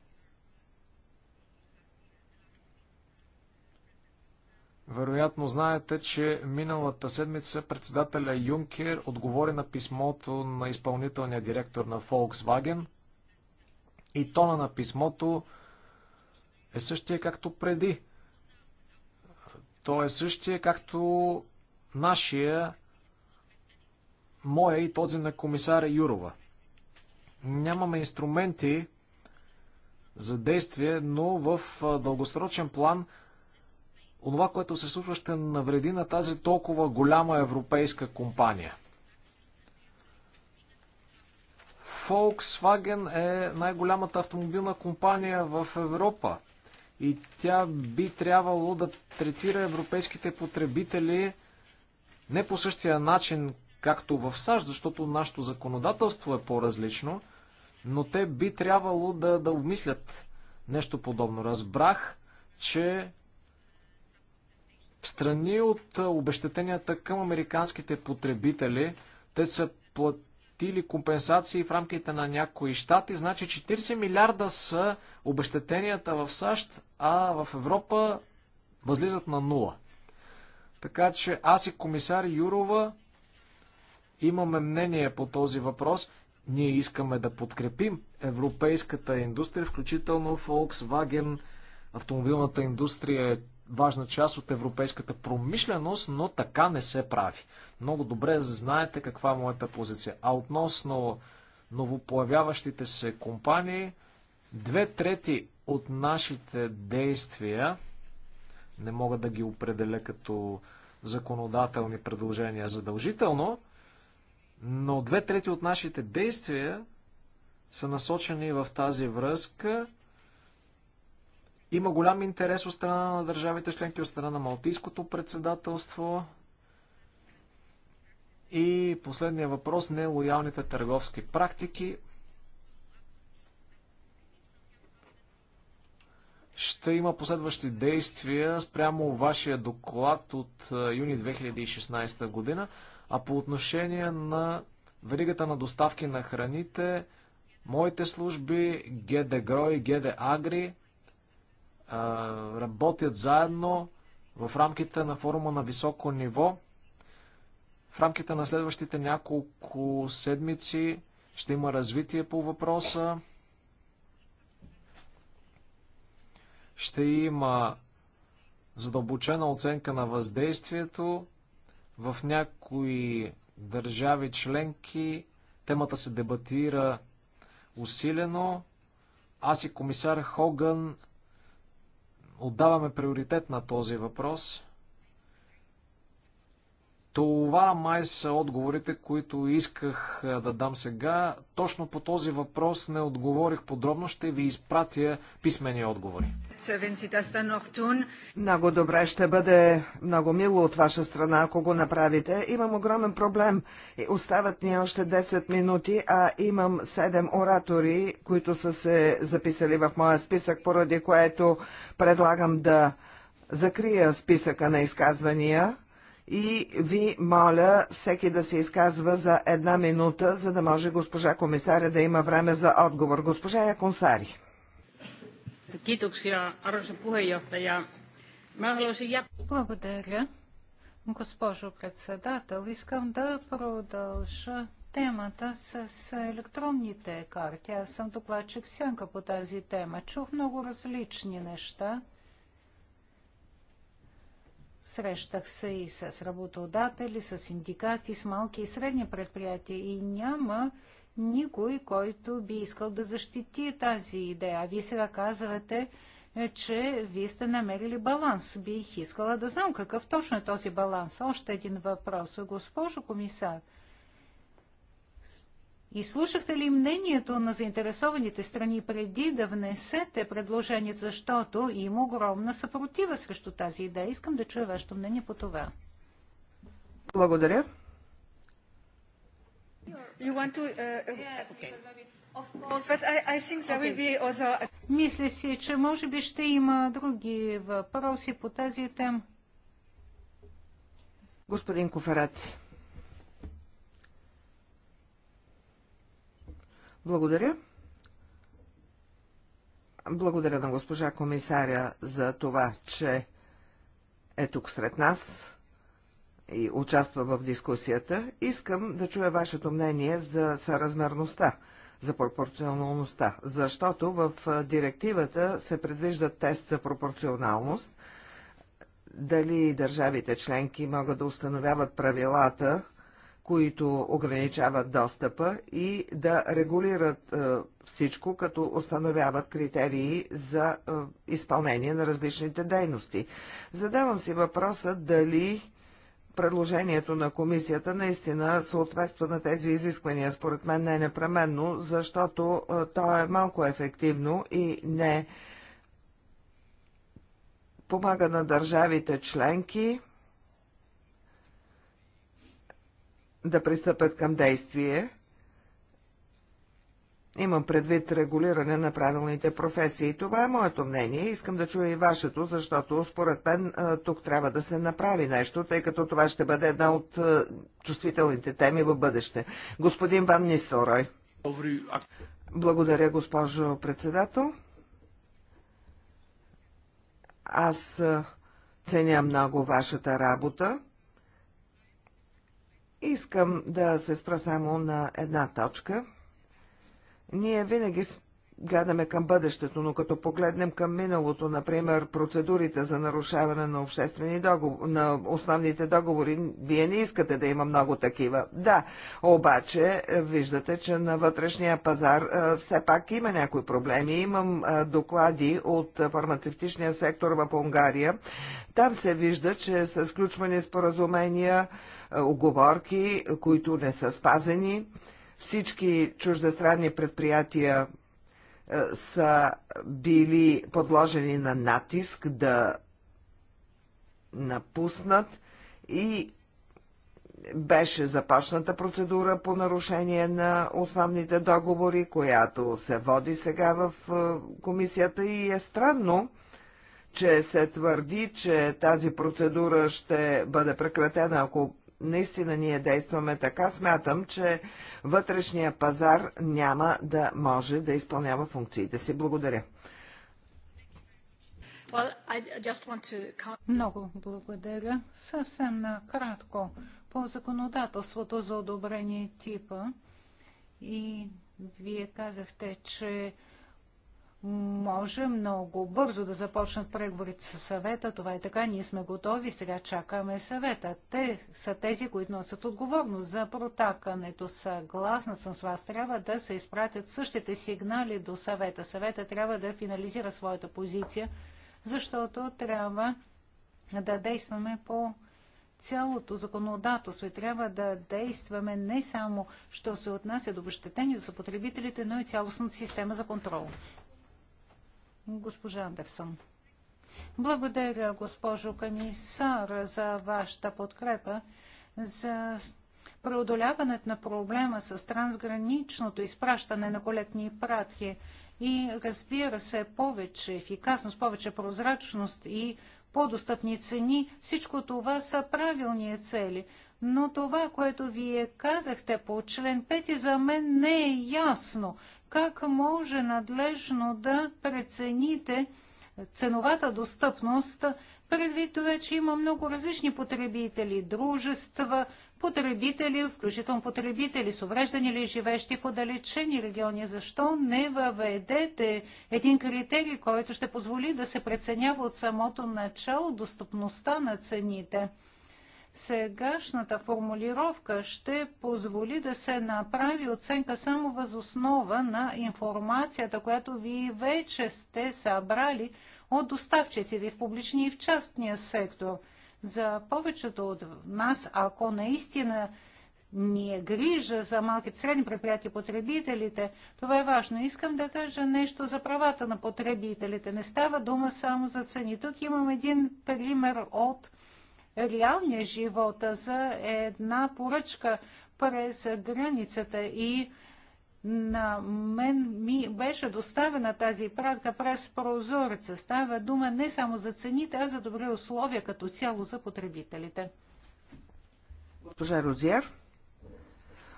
Вероятно знаете, че миналата седмица председателя Юнкер отговори на писмото на изпълнителния директор на Volkswagen и тона на писмото е същия както преди. То е същия както нашия, моя и този на комисаря Юрова. Нямаме инструменти за действие, но в дългосрочен план – онова, което се случва, ще навреди на тази толкова голяма европейска компания. Volkswagen е най-голямата автомобилна компания в Европа и тя би трябвало да третира европейските потребители не по същия начин, както в САЩ, защото нашето законодателство е по-различно, но те би трябвало да, да обмислят нещо подобно. Разбрах, че в страни от обещетенията към американските потребители, те са платили компенсации в рамките на някои щати, значи 40 милиарда са обещетенията в САЩ, а в Европа възлизат на нула. Така че аз и комисар Юрова имаме мнение по този въпрос. Ние искаме да подкрепим европейската индустрия, включително Volkswagen. Автомобилната индустрия е важна част от европейската промишленост, но така не се прави. Много добре знаете каква е моята позиция. А относно новопоявяващите се компании, две трети от нашите действия, не мога да ги определя като законодателни предложения задължително, но две трети от нашите действия са насочени в тази връзка има голям интерес от страна на държавите членки, от страна на Малтийското председателство. И последния въпрос – нелоялните търговски практики. Ще има последващи действия спрямо вашия доклад от юни 2016 година. А по отношение на веригата на доставки на храните, моите служби ГД Грой, ГД Агри работят заедно в рамките на форума на високо ниво. В рамките на следващите няколко седмици ще има развитие по въпроса. Ще има задълбочена оценка на въздействието. В някои държави членки темата се дебатира усилено. Аз и комисар Хоган отдаваме приоритет на този въпрос. Това май са отговорите, които исках да дам сега. Точно по този въпрос не отговорих подробно. Ще ви изпратя писмени отговори. Много добре, ще бъде много мило от ваша страна, ако го направите. Имам огромен проблем. Остават ни още 10 минути, а имам 7 оратори, които са се записали в моя списък, поради което предлагам да закрия списъка на изказвания и ви моля всеки да се изказва за една минута, за да може госпожа комисаря да има време за отговор. Госпожа Яконсари. Благодаря. Госпожо председател, искам да продължа темата с електронните карти. Аз съм докладчик сянка по тази тема. Чух много различни неща. Срещах се и с работодатели, с синдикати, с малки и средни предприятия и няма никой, който би искал да защити тази идея. А вие сега казвате, е, че вие сте намерили баланс. Бих искала да знам какъв точно е този баланс. Още един въпрос. Госпожо комисар, и слушахте ли мнението на заинтересованите страни преди да внесете предложението, защото има огромна съпротива срещу тази идея? Искам да чуя вашето мнение по това. Благодаря. Мисля си, че може би ще има други въпроси по тази тема. Господин Коферати. Благодаря. Благодаря на госпожа комисаря за това, че е тук сред нас и участва в дискусията. Искам да чуя вашето мнение за съразмерността, за пропорционалността, защото в директивата се предвижда тест за пропорционалност. Дали държавите членки могат да установяват правилата които ограничават достъпа и да регулират е, всичко, като установяват критерии за е, изпълнение на различните дейности. Задавам си въпроса дали предложението на комисията наистина съответства на тези изисквания. Според мен не е непременно, защото е, то е малко ефективно и не помага на държавите членки да пристъпят към действие. Имам предвид регулиране на правилните професии. Това е моето мнение. Искам да чуя и вашето, защото според мен тук трябва да се направи нещо, тъй като това ще бъде една от чувствителните теми в бъдеще. Господин Ван Нисторой. Благодаря, госпожо председател. Аз ценя много вашата работа. Искам да се спра само на една точка. Ние винаги гледаме към бъдещето, но като погледнем към миналото, например, процедурите за нарушаване на обществени договори, на основните договори, вие не искате да има много такива. Да, обаче е, виждате, че на вътрешния пазар е, все пак има някои проблеми. Имам е, доклади от фармацевтичния сектор в Унгария. Там се вижда, че са сключвани споразумения е, оговорки, които не са спазени. Всички чуждестранни предприятия е, са били подложени на натиск да напуснат и беше започната процедура по нарушение на основните договори, която се води сега в е, комисията и е странно, че се твърди, че тази процедура ще бъде прекратена, ако наистина ние действаме така, смятам, че вътрешния пазар няма да може да изпълнява функциите си. Благодаря. Много благодаря. Съвсем накратко по законодателството за одобрение типа и вие казахте, че може много бързо да започнат преговорите с съвета. Това е така. Ние сме готови. Сега чакаме съвета. Те са тези, които носят отговорност за протакането. Съгласна съм с вас. Трябва да се изпратят същите сигнали до съвета. Съвета трябва да финализира своята позиция, защото трябва да действаме по цялото законодателство и трябва да действаме не само, що се отнася до обещетението за потребителите, но и цялостната система за контрол. Госпожа Андерсон. Благодаря, госпожо комисар, за вашата подкрепа за преодоляването на проблема с трансграничното изпращане на колетни пратки и разбира се повече ефикасност, повече прозрачност и по-достъпни цени. Всичко това са правилни цели. Но това, което вие казахте по член 5, за мен не е ясно как може надлежно да прецените ценовата достъпност, предвид това, че има много различни потребители, дружества, потребители, включително потребители с увреждани или живещи в отдалечени региони. Защо не въведете един критерий, който ще позволи да се преценява от самото начало достъпността на цените? Сегашната формулировка ще позволи да се направи оценка само възоснова на информацията, която вие вече сте събрали от доставчиците в публичния и в частния сектор. За повечето от нас, ако наистина ни е грижа за малките средни предприятия потребителите, това е важно. Искам да кажа нещо за правата на потребителите. Не става дума само за цени. Тук имам един пример от реалния живот, за една поръчка през границата и на мен ми беше доставена тази пратка през прозореца. Става дума не само за цените, а за добри условия като цяло за потребителите. Госпожа Розиер.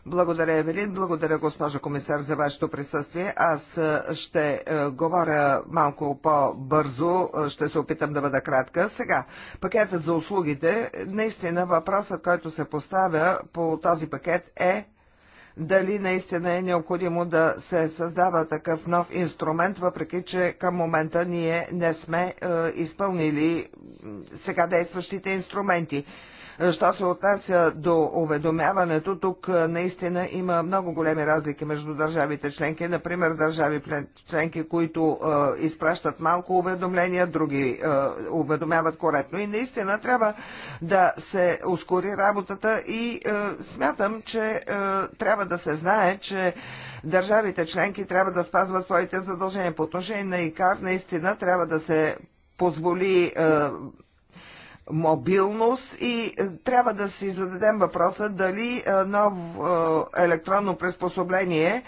Благодаря, Евелин. Благодаря, госпожа комисар, за вашето присъствие. Аз е, ще е, говоря малко по-бързо, ще се опитам да бъда кратка. Сега, пакетът за услугите, наистина въпросът, който се поставя по този пакет е дали наистина е необходимо да се създава такъв нов инструмент, въпреки че към момента ние не сме е, изпълнили сега действащите инструменти. Е, що се отнася до уведомяването, тук е, наистина има много големи разлики между държавите членки. Например, държави членки, които е, изпращат малко уведомления, други е, уведомяват коректно. И наистина трябва да се ускори работата и е, смятам, че е, трябва да се знае, че държавите членки трябва да спазват своите задължения. По отношение на ИКАР наистина трябва да се позволи е, мобилност и е, трябва да си зададем въпроса дали е, ново е, електронно приспособление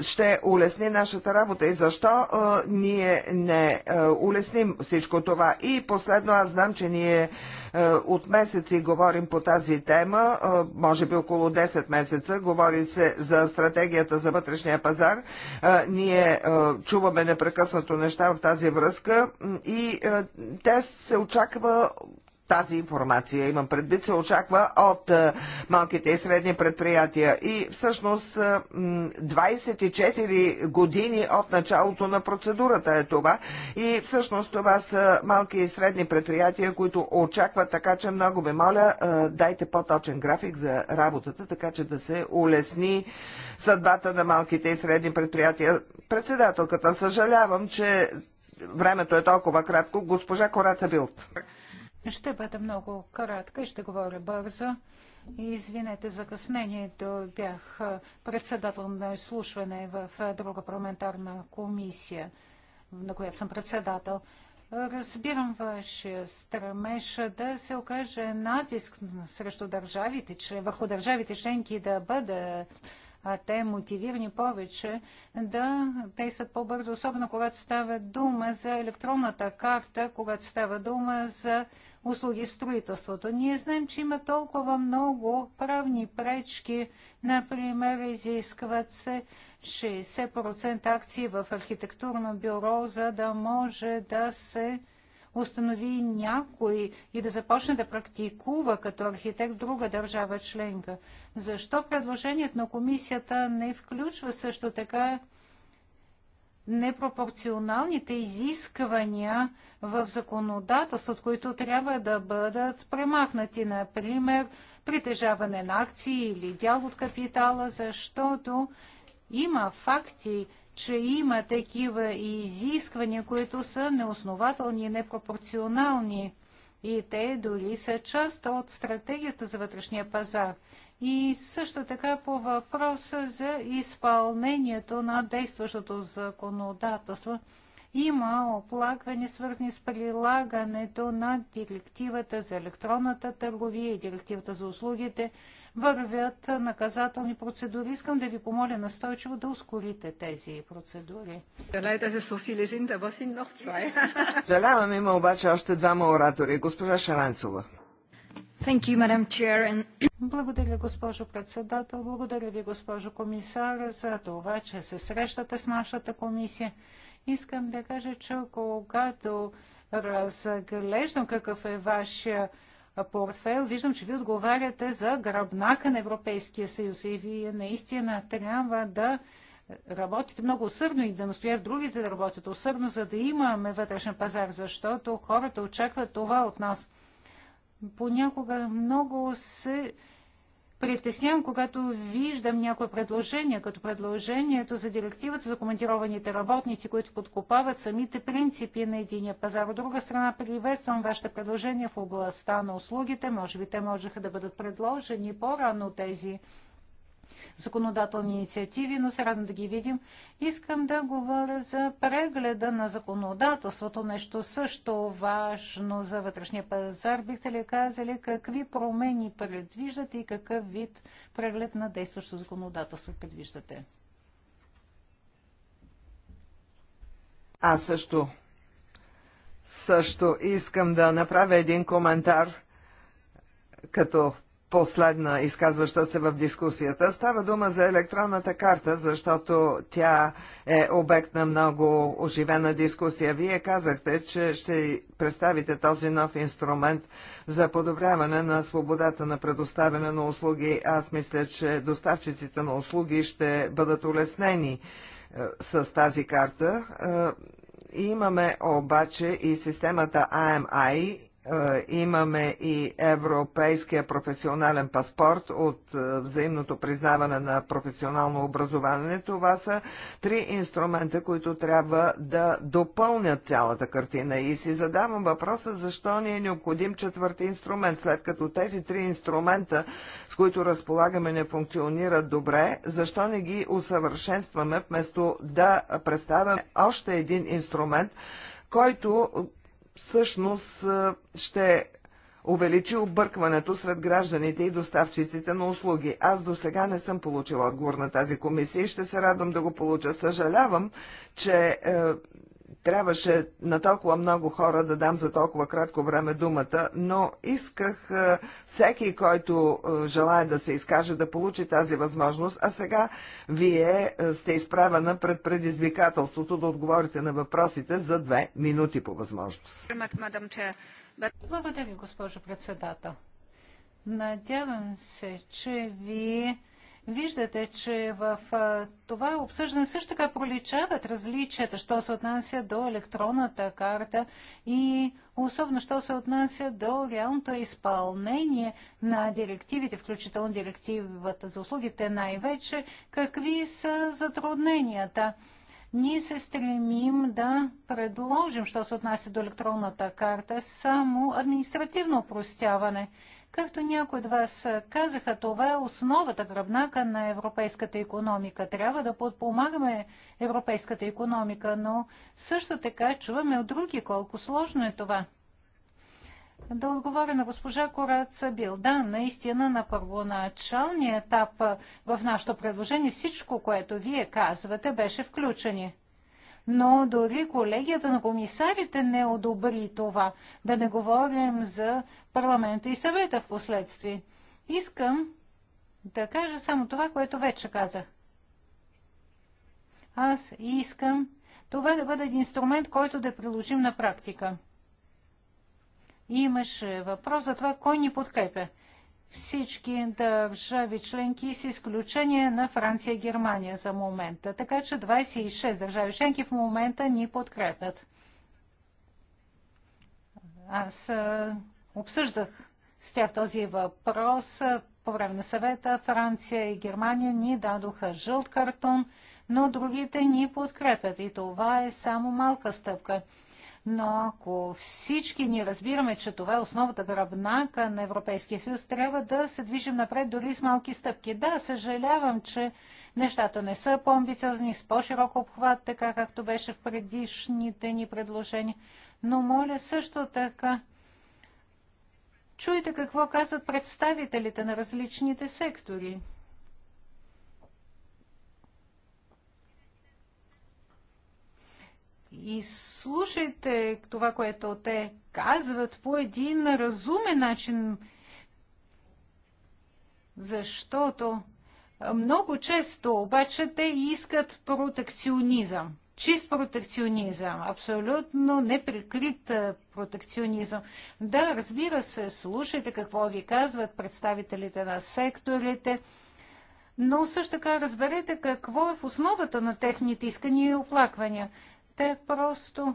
ще улесни нашата работа и защо ние не улесним всичко това. И последно аз знам, че ние е, от месеци говорим по тази тема, е, може би около 10 месеца. Говори се за стратегията за вътрешния пазар. Е, ние чуваме непрекъснато неща в тази връзка и те се очаква тази информация, имам предвид, се очаква от е, малките и средни предприятия. И всъщност 24 е, години от началото на процедурата е това. И всъщност това са малки и средни предприятия, които очакват, така че много ви моля, е, дайте по-точен график за работата, така че да се улесни съдбата на малките и средни предприятия. Председателката, съжалявам, че времето е толкова кратко. Госпожа Кораца Билт. Ще бъда много кратка и ще говоря бързо. Извинете къснението, Бях председател на изслушване в друга парламентарна комисия, на която съм председател. Разбирам ваше стремеж да се окаже натиск срещу държавите, че върху държавите членки да бъде а те мотивирани повече да действат по-бързо, особено когато става дума за електронната карта, когато става дума за услуги в строителството. Ние знаем, че има толкова много правни пречки. Например, изискват се 60% акции в архитектурно бюро, за да може да се установи някой и да започне да практикува като архитект друга държава членка. Защо предложението на комисията не включва също така непропорционалните изисквания в законодателството, които трябва да бъдат премахнати, например, притежаване на акции или дял от капитала, защото има факти, че има такива изисквания, които са неоснователни и непропорционални. И те дори са част от стратегията за вътрешния пазар. И също така по въпроса за изпълнението на действащото законодателство. Има оплакване, свързани с прилагането на директивата за електронната търговия и директивата за услугите. Вървят наказателни процедури. Искам да ви помоля настойчиво да ускорите тези процедури. Жалявам, има обаче още двама оратори. Госпожа Шаранцова. You, Благодаря, госпожо председател. Благодаря ви, госпожо комисар, за това, че се срещате с нашата комисия. Искам да кажа, че когато разглеждам какъв е вашия портфел, виждам, че ви отговаряте за гръбнака на Европейския съюз и вие наистина трябва да работите много усърдно и да настоя другите да работят усърдно, за да имаме вътрешен пазар, защото хората очакват това от нас. Понякога много се притеснявам, когато виждам някое предложение, като предложението за директивата за командированите работници, които подкопават самите принципи на единия пазар. От друга страна, приветствам вашите предложения в областта на услугите. Може би те можеха да бъдат предложени по-рано тези законодателни инициативи, но се радвам да ги видим. Искам да говоря за прегледа на законодателството, нещо също важно за вътрешния пазар. Бихте ли казали какви промени предвиждате и какъв вид преглед на действащо законодателство предвиждате? Аз също също искам да направя един коментар като последна изказваща се в дискусията. Става дума за електронната карта, защото тя е обект на много оживена дискусия. Вие казахте, че ще представите този нов инструмент за подобряване на свободата на предоставяне на услуги. Аз мисля, че доставчиците на услуги ще бъдат улеснени е, с тази карта. Е, имаме обаче и системата AMI, е, имаме и европейския професионален паспорт от е, взаимното признаване на професионално образование. Това са три инструмента, които трябва да допълнят цялата картина. И си задавам въпроса, защо ни е необходим четвърти инструмент, след като тези три инструмента, с които разполагаме, не функционират добре, защо не ги усъвършенстваме, вместо да представяме още един инструмент, който всъщност ще увеличи объркването сред гражданите и доставчиците на услуги. Аз до сега не съм получила отговор на тази комисия и ще се радвам да го получа. Съжалявам, че е, трябваше на толкова много хора да дам за толкова кратко време думата, но исках е, всеки, който е, желая да се изкаже, да получи тази възможност, а сега вие е, сте изправена пред предизвикателството да отговорите на въпросите за две минути по възможност. Благодаря, госпожо председател. Надявам се, че вие Виждате, че в това обсъждане също така проличават различията, що се отнася до електронната карта и особено, що се отнася до реалното изпълнение на директивите, включително директивата за услугите най-вече, какви са затрудненията. Ние се стремим да предложим, що се отнася до електронната карта, само административно упростяване – Както някои от вас казаха, това е основата, гръбнака на европейската економика. Трябва да подпомагаме европейската економика, но също така чуваме от други колко сложно е това. Да отговоря на госпожа Кораца Бил. Да, наистина на първоначалния етап в нашето предложение всичко, което вие казвате, беше включени но дори колегията на комисарите не одобри това. Да не говорим за парламента и съвета в последствие. Искам да кажа само това, което вече казах. Аз искам това да бъде инструмент, който да приложим на практика. И имаше въпрос за това, кой ни подкрепя всички държави членки с изключение на Франция и Германия за момента. Така че 26 държави членки в момента ни подкрепят. Аз обсъждах с тях този въпрос по време на съвета. Франция и Германия ни дадоха жълт картон, но другите ни подкрепят и това е само малка стъпка. Но ако всички ние разбираме, че това е основата гръбнака на Европейския съюз, трябва да се движим напред дори с малки стъпки. Да, съжалявам, че нещата не са по-амбициозни, с по-широк обхват, така както беше в предишните ни предложения. Но моля също така, чуйте какво казват представителите на различните сектори. и слушайте това, което те казват по един разумен начин, защото много често обаче те искат протекционизъм. Чист протекционизъм, абсолютно неприкрит протекционизъм. Да, разбира се, слушайте какво ви казват представителите на секторите, но също така разберете какво е в основата на техните искания и оплаквания. Те просто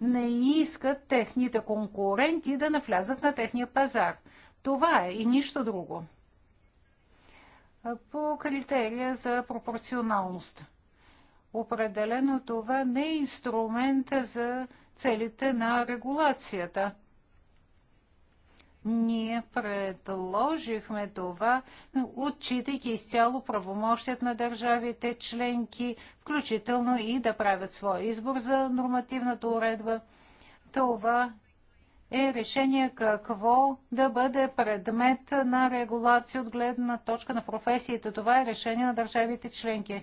не искат техните конкуренти да навлязат на техния пазар. Това е и нищо друго. По критерия за пропорционалност. Определено това не е инструмент за целите на регулацията – ние предложихме това, отчитайки изцяло правомощият на държавите членки, включително и да правят своя избор за нормативната уредба. Това е решение какво да бъде предмет на регулация от гледна точка на професиите. Това е решение на държавите членки.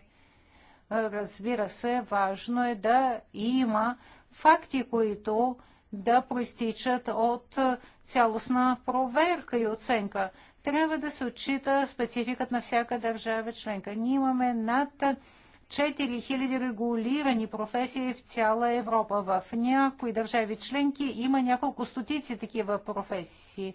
Разбира се, важно е да има факти, които да проистичат от цялостна проверка и оценка. Трябва да се отчита спецификът на всяка държава членка. Ние имаме над 4000 регулирани професии в цяла Европа. В някои държави членки има няколко стотици такива професии.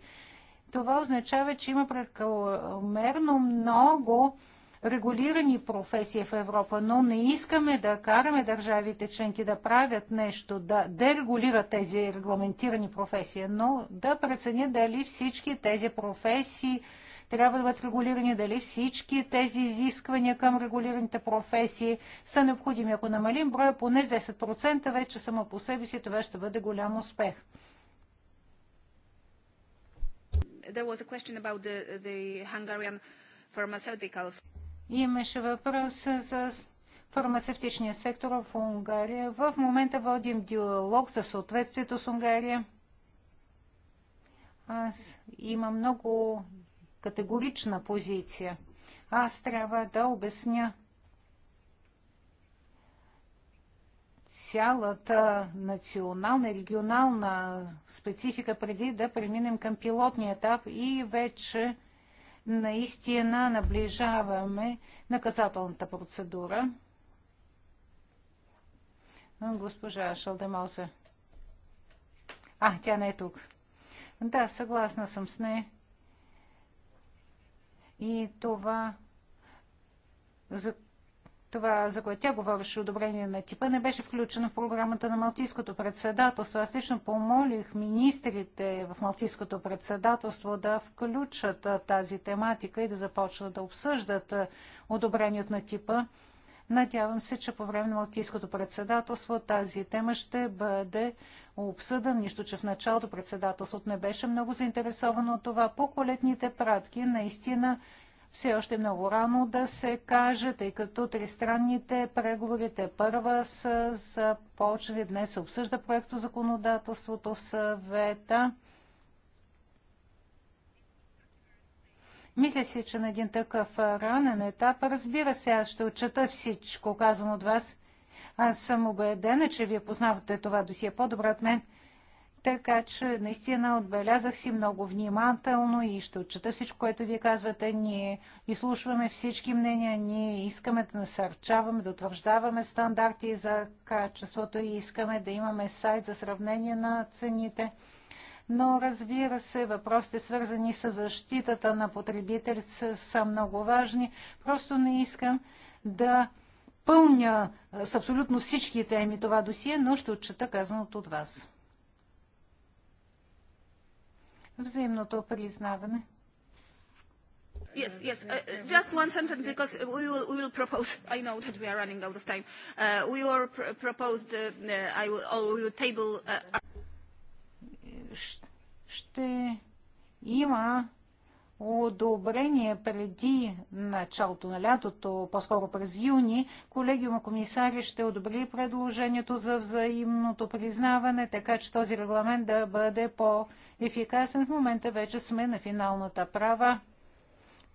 Това означава, че има прекалено много регулирани професии в Европа, но не искаме да караме държавите членки да правят нещо, да дерегулират тези регламентирани професии, но да преценят дали всички тези професии трябва да бъдат регулирани, дали всички тези изисквания към регулираните професии са необходими. Ако намалим броя поне с 10%, вече само по себе си това ще бъде голям успех. There was a question about the, the Hungarian pharmaceuticals. Имаше въпрос за фармацевтичния сектор в Унгария. В момента водим диалог за съответствието с Унгария. Аз имам много категорична позиция. Аз трябва да обясня цялата национална и регионална специфика преди да преминем към пилотния етап и вече наистина наближаваме наказателната процедура. Госпожа Шалдемоза. А, тя не е тук. Да, съгласна съм с нея. И това, за това, за което тя говореше, одобрение на типа, не беше включено в програмата на Малтийското председателство. Аз лично помолих министрите в Малтийското председателство да включат тази тематика и да започнат да обсъждат одобрението на типа. Надявам се, че по време на Малтийското председателство тази тема ще бъде обсъдана. нищо, че в началото председателството не беше много заинтересовано от това. По колетните пратки наистина все още е много рано да се каже, тъй като тристранните преговорите първа са започнали. Днес се обсъжда проекто законодателството в съвета. Мисля си, че на един такъв ранен етап, разбира се, аз ще отчета всичко казано от вас. Аз съм убедена, че вие познавате това досие по-добре от мен – така че наистина отбелязах си много внимателно и ще отчета всичко, което вие казвате. Ние изслушваме всички мнения, ние искаме да насърчаваме, да утвърждаваме стандарти за качеството и искаме да имаме сайт за сравнение на цените. Но разбира се, въпросите свързани с защитата на потребителите са, много важни. Просто не искам да пълня с абсолютно всички теми това досие, но ще отчета казаното от вас взаимното признаване. Yes, yes. Uh, just one sentence because we will, we will propose, I know that we are running out of time. Uh, we were pr proposed, uh, I will, or we will table... Uh, ще има одобрение преди началото на лятото, по-скоро през юни, колегиума комисари ще одобри предложението за взаимното признаване, така че този регламент да бъде по- ефикасен. В момента вече сме на финалната права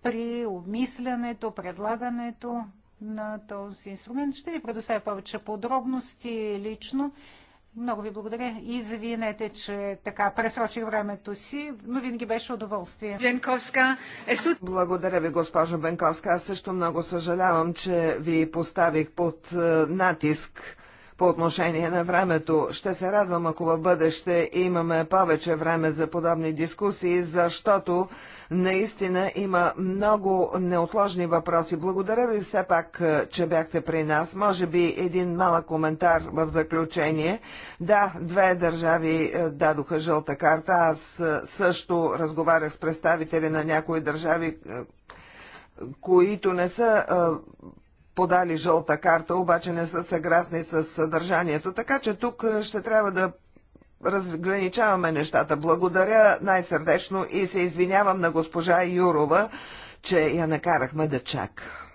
при обмислянето, предлагането на този инструмент. Ще ви предоставя повече подробности лично. Много ви благодаря. Извинете, че така пресрочих времето си, но винаги беше удоволствие. Венковска е суд. Благодаря ви, госпожо Бенковска. Аз също много съжалявам, че ви поставих под е, натиск по отношение на времето. Ще се радвам, ако в бъдеще имаме повече време за подобни дискусии, защото наистина има много неотложни въпроси. Благодаря ви все пак, е, че бяхте при нас. Може би един малък коментар в заключение. Да, две държави е, дадоха жълта карта. Аз е, също разговарях с представители на някои държави, които не са подали жълта карта, обаче не са съгласни с съдържанието, така че тук е, ще трябва да разграничаваме нещата. Благодаря най-сърдечно и се извинявам на госпожа Юрова, че я накарахме да чака.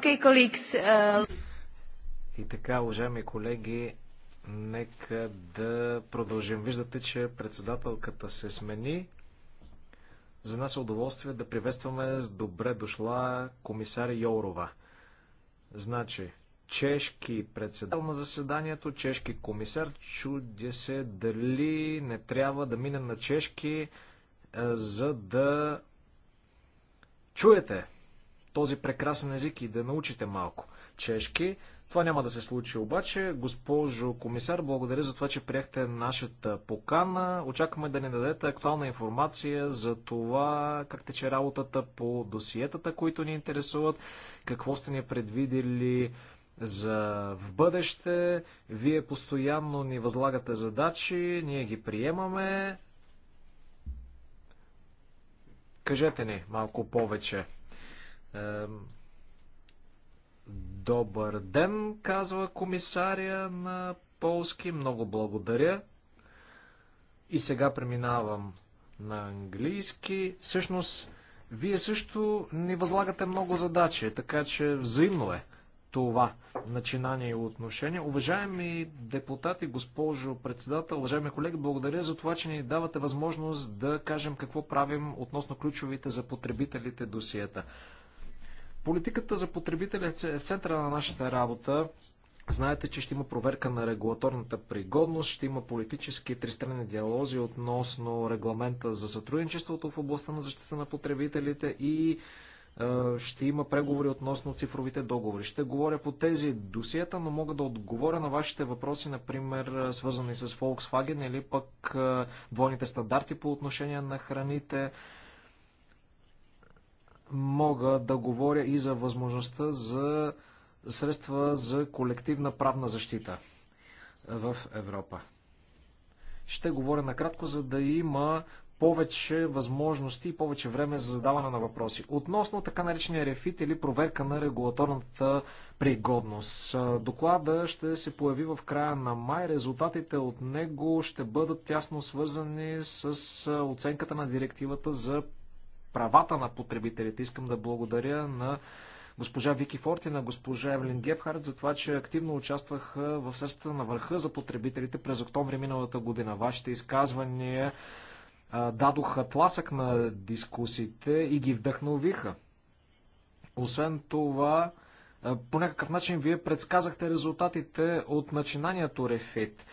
Okay, colleagues. Uh... И така, уважаеми колеги, нека да продължим. Виждате, че председателката се смени. За нас е удоволствие да приветстваме с добре дошла комисаря Йорова. Значи, чешки председател на заседанието, чешки комисар. Чудя се дали не трябва да минем на чешки, е, за да чуете този прекрасен език и да научите малко чешки. Това няма да се случи обаче. Госпожо комисар, благодаря за това, че приехте нашата покана. Очакваме да ни дадете актуална информация за това как тече работата по досиетата, които ни интересуват, какво сте ни предвидели за в бъдеще. Вие постоянно ни възлагате задачи, ние ги приемаме. Кажете ни малко повече. Добър ден, казва комисаря на полски. Много благодаря. И сега преминавам на английски. Всъщност, вие също ни възлагате много задачи, така че взаимно е това начинание и отношение. Уважаеми депутати, госпожо председател, уважаеми колеги, благодаря за това, че ни давате възможност да кажем какво правим относно ключовите за потребителите досиета. Политиката за потребителя е, е в центъра на нашата работа. Знаете, че ще има проверка на регулаторната пригодност, ще има политически тристранни диалози относно регламента за сътрудничеството в областта на защита на потребителите и е, ще има преговори относно цифровите договори. Ще говоря по тези досиета, но мога да отговоря на вашите въпроси, например, свързани с Volkswagen или пък е, двойните стандарти по отношение на храните мога да говоря и за възможността за средства за колективна правна защита в Европа. Ще говоря накратко, за да има повече възможности и повече време за задаване на въпроси. Относно така наречения рефит или проверка на регулаторната пригодност. Доклада ще се появи в края на май. Резултатите от него ще бъдат тясно свързани с оценката на директивата за правата на потребителите. Искам да благодаря на госпожа Вики Форти и на госпожа Евлин Гепхард за това, че активно участваха в срещата на върха за потребителите през октомври миналата година. Вашите изказвания дадоха тласък на дискусите и ги вдъхновиха. Освен това, по някакъв начин вие предсказахте резултатите от начинанието Рефит.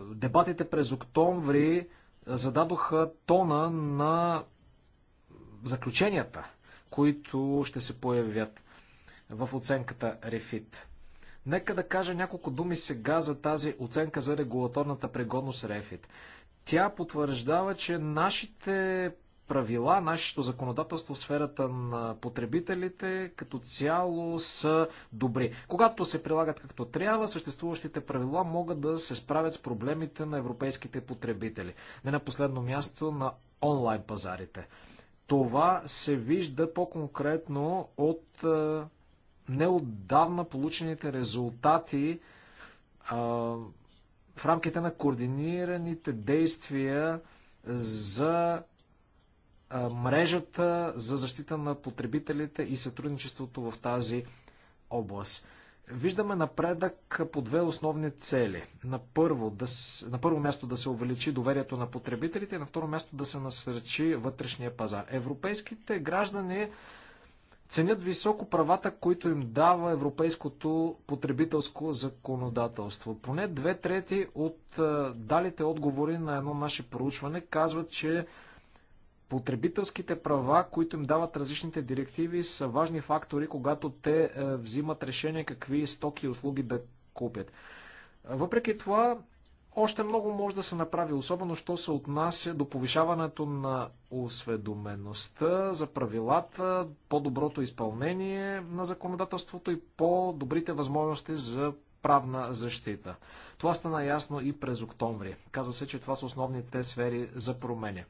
Дебатите през октомври зададоха тона на заключенията, които ще се появят в оценката Рефит. Нека да кажа няколко думи сега за тази оценка за регулаторната пригодност Рефит. Тя потвърждава, че нашите правила, нашето законодателство в сферата на потребителите като цяло са добри. Когато се прилагат както трябва, съществуващите правила могат да се справят с проблемите на европейските потребители. Не на последно място на онлайн пазарите. Това се вижда по-конкретно от неотдавна получените резултати в рамките на координираните действия за мрежата за защита на потребителите и сътрудничеството в тази област. Виждаме напредък по две основни цели. На първо, да, на първо място да се увеличи доверието на потребителите, и на второ място да се насърчи вътрешния пазар. Европейските граждани ценят високо правата, които им дава европейското потребителско законодателство. Поне две трети от далите отговори на едно наше проучване казват, че Потребителските права, които им дават различните директиви, са важни фактори, когато те е, взимат решение какви стоки и услуги да купят. Въпреки това, още много може да се направи, особено що се отнася до повишаването на осведомеността за правилата, по-доброто изпълнение на законодателството и по-добрите възможности за правна защита. Това стана ясно и през октомври. Каза се, че това са основните сфери за променя.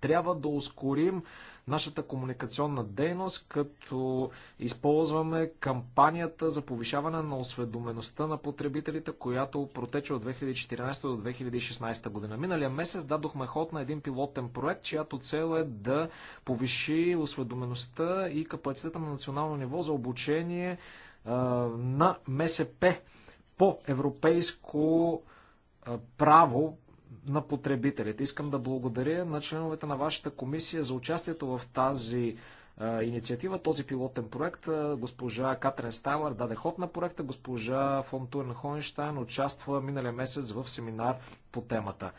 Трябва да ускорим нашата комуникационна дейност, като използваме кампанията за повишаване на осведомеността на потребителите, която протече от 2014 до 2016 година. Миналия месец дадохме ход на един пилотен проект, чиято цел е да повиши осведомеността и капацитета на национално ниво за обучение на МСП по европейско право на потребителите. Искам да благодаря на членовете на вашата комисия за участието в тази а, инициатива, този пилотен проект. Госпожа Катрин Стайлър даде ход на проекта, госпожа фон Турн Хойнштайн участва миналия месец в семинар по темата.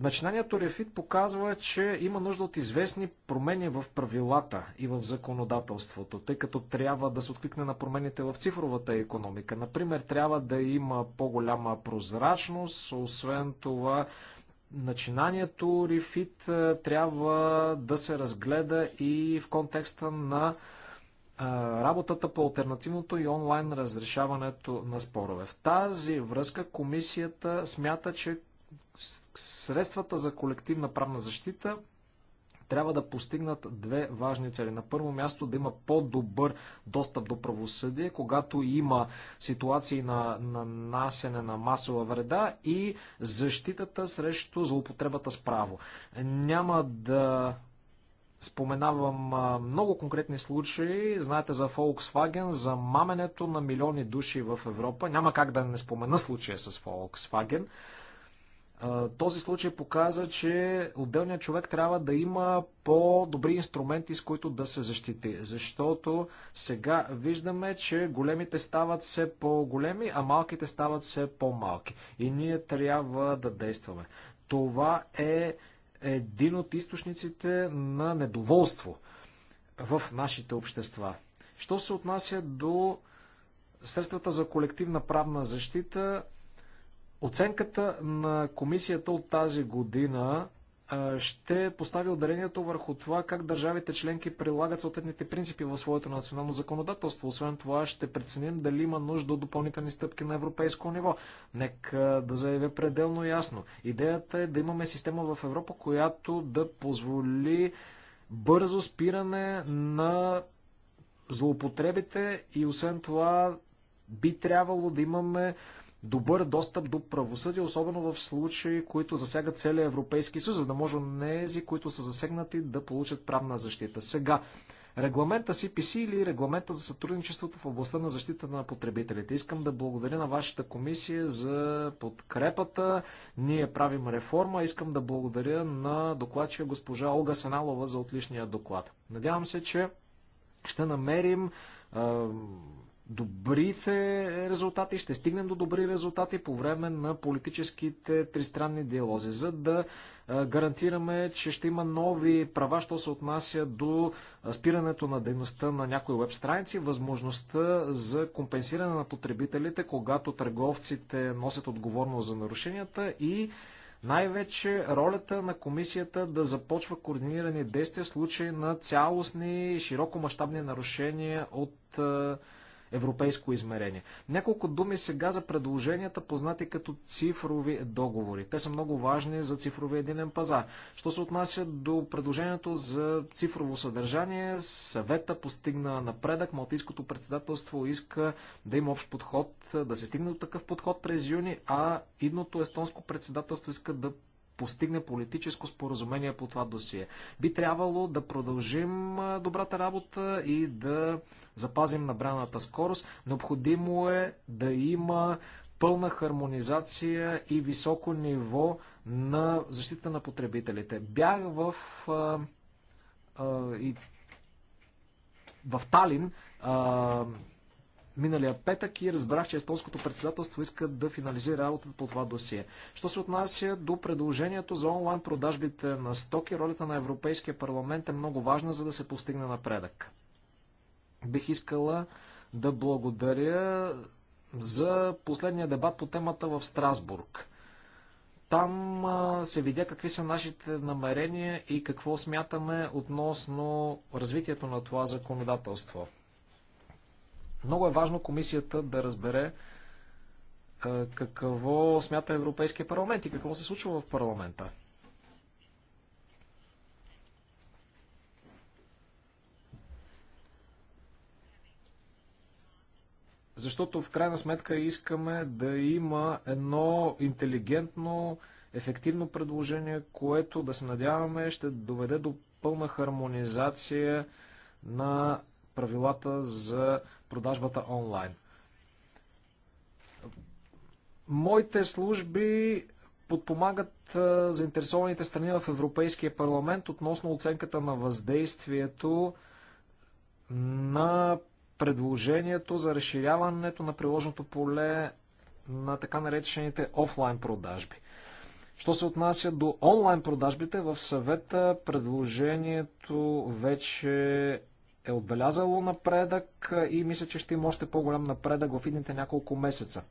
Начинанието Рефит показва, че има нужда от известни промени в правилата и в законодателството, тъй като трябва да се откликне на промените в цифровата економика. Например, трябва да има по-голяма прозрачност, освен това начинанието Рефит е, трябва да се разгледа и в контекста на е, работата по альтернативното и онлайн разрешаването на спорове. В тази връзка комисията смята, че Средствата за колективна правна защита трябва да постигнат две важни цели. На първо място да има по-добър достъп до правосъдие, когато има ситуации на нанасене на масова вреда и защитата срещу злоупотребата с право. Няма да споменавам много конкретни случаи. Знаете за Volkswagen, за маменето на милиони души в Европа. Няма как да не спомена случая с Volkswagen. Този случай показа, че отделният човек трябва да има по-добри инструменти, с които да се защити. Защото сега виждаме, че големите стават все по-големи, а малките стават все по-малки. И ние трябва да действаме. Това е един от източниците на недоволство в нашите общества. Що се отнася до средствата за колективна правна защита, Оценката на комисията от тази година ще постави ударението върху това как държавите членки прилагат съответните принципи в своето национално законодателство. Освен това ще преценим дали има нужда от допълнителни стъпки на европейско ниво. Нека да заявя пределно ясно. Идеята е да имаме система в Европа, която да позволи бързо спиране на злоупотребите и освен това би трябвало да имаме добър достъп до правосъдие, особено в случаи, които засягат целия Европейски съюз, за да може нези, които са засегнати, да получат правна защита. Сега, регламента CPC или регламента за сътрудничеството в областта на защита на потребителите. Искам да благодаря на вашата комисия за подкрепата. Ние правим реформа. Искам да благодаря на докладчия госпожа Олга Сеналова за отличния доклад. Надявам се, че ще намерим добрите резултати, ще стигнем до добри резултати по време на политическите тристранни диалози, за да гарантираме, че ще има нови права, що се отнася до спирането на дейността на някои веб страници, възможността за компенсиране на потребителите, когато търговците носят отговорност за нарушенията и най-вече ролята на комисията да започва координирани действия в случай на цялостни и широко мащабни нарушения от европейско измерение. Няколко думи сега за предложенията, познати като цифрови договори. Те са много важни за цифровия единен пазар. Що се отнася до предложението за цифрово съдържание, съвета постигна напредък. Малтийското председателство иска да има общ подход, да се стигне до такъв подход през юни, а идното естонско председателство иска да постигне политическо споразумение по това досие. Би трябвало да продължим добрата работа и да запазим набраната скорост. Необходимо е да има пълна хармонизация и високо ниво на защита на потребителите. Бях в, а, а, и, в Талин а, миналия петък и разбрах, че естонското председателство иска да финализира работата по това досие. Що се отнася до предложението за онлайн продажбите на стоки, ролята на Европейския парламент е много важна, за да се постигне напредък. Бих искала да благодаря за последния дебат по темата в Страсбург. Там се видя какви са нашите намерения и какво смятаме относно развитието на това законодателство. Много е важно комисията да разбере какво смята Европейския парламент и какво се случва в парламента. Защото в крайна сметка искаме да има едно интелигентно, ефективно предложение, което да се надяваме ще доведе до пълна хармонизация на правилата за продажбата онлайн. Моите служби подпомагат заинтересованите страни в Европейския парламент относно оценката на въздействието на предложението за разширяването на приложното поле на така наречените офлайн продажби. Що се отнася до онлайн продажбите, в съвета предложението вече е отбелязало напредък и мисля, че ще има още по-голям напредък в идните няколко месеца.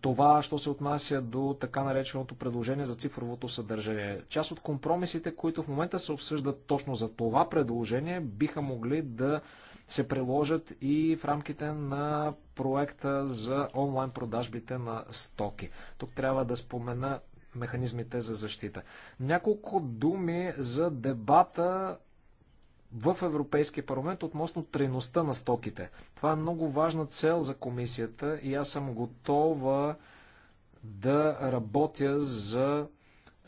Това, що се отнася до така нареченото предложение за цифровото съдържание. Част от компромисите, които в момента се обсъждат точно за това предложение, биха могли да се приложат и в рамките на проекта за онлайн продажбите на стоки. Тук трябва да спомена механизмите за защита. Няколко думи за дебата в Европейския парламент относно трейността на стоките. Това е много важна цел за комисията и аз съм готова да работя за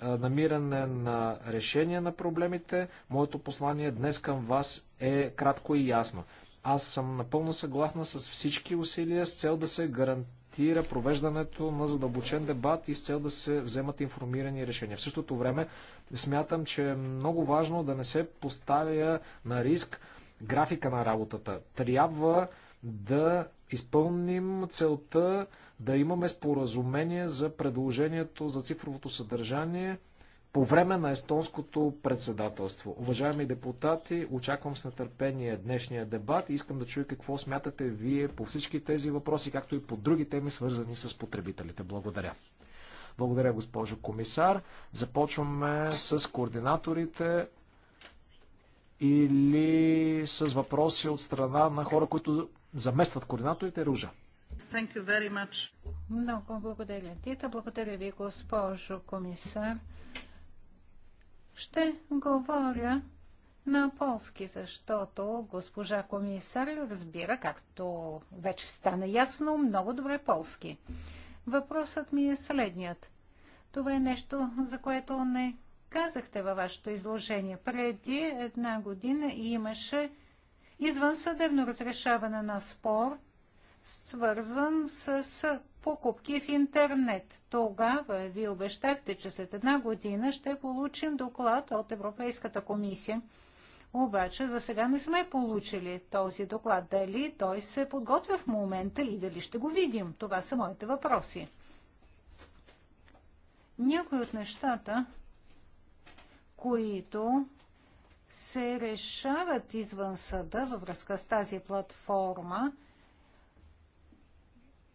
намиране на решение на проблемите. Моето послание днес към вас е кратко и ясно. Аз съм напълно съгласна с всички усилия с цел да се гарантира гарантира провеждането на задълбочен дебат и с цел да се вземат информирани решения. В същото време смятам, че е много важно да не се поставя на риск графика на работата. Трябва да изпълним целта да имаме споразумение за предложението за цифровото съдържание – по време на естонското председателство. Уважаеми депутати, очаквам с нетърпение днешния дебат и искам да чуя какво смятате вие по всички тези въпроси, както и по други теми, свързани с потребителите. Благодаря. Благодаря, госпожо комисар. Започваме с координаторите или с въпроси от страна на хора, които заместват координаторите. Ружа. Много благодаря, Тита. Благодаря ви, госпожо комисар. Ще говоря на полски, защото госпожа комисар разбира, както вече стана ясно, много добре полски. Въпросът ми е следният. Това е нещо, за което не казахте във вашето изложение. Преди една година имаше извънсъдебно разрешаване на спор, свързан с покупки в интернет. Тогава ви обещахте, че след една година ще получим доклад от Европейската комисия. Обаче за сега не сме получили този доклад. Дали той се подготвя в момента и дали ще го видим? Това са моите въпроси. Някои от нещата, които се решават извън съда във връзка с тази платформа,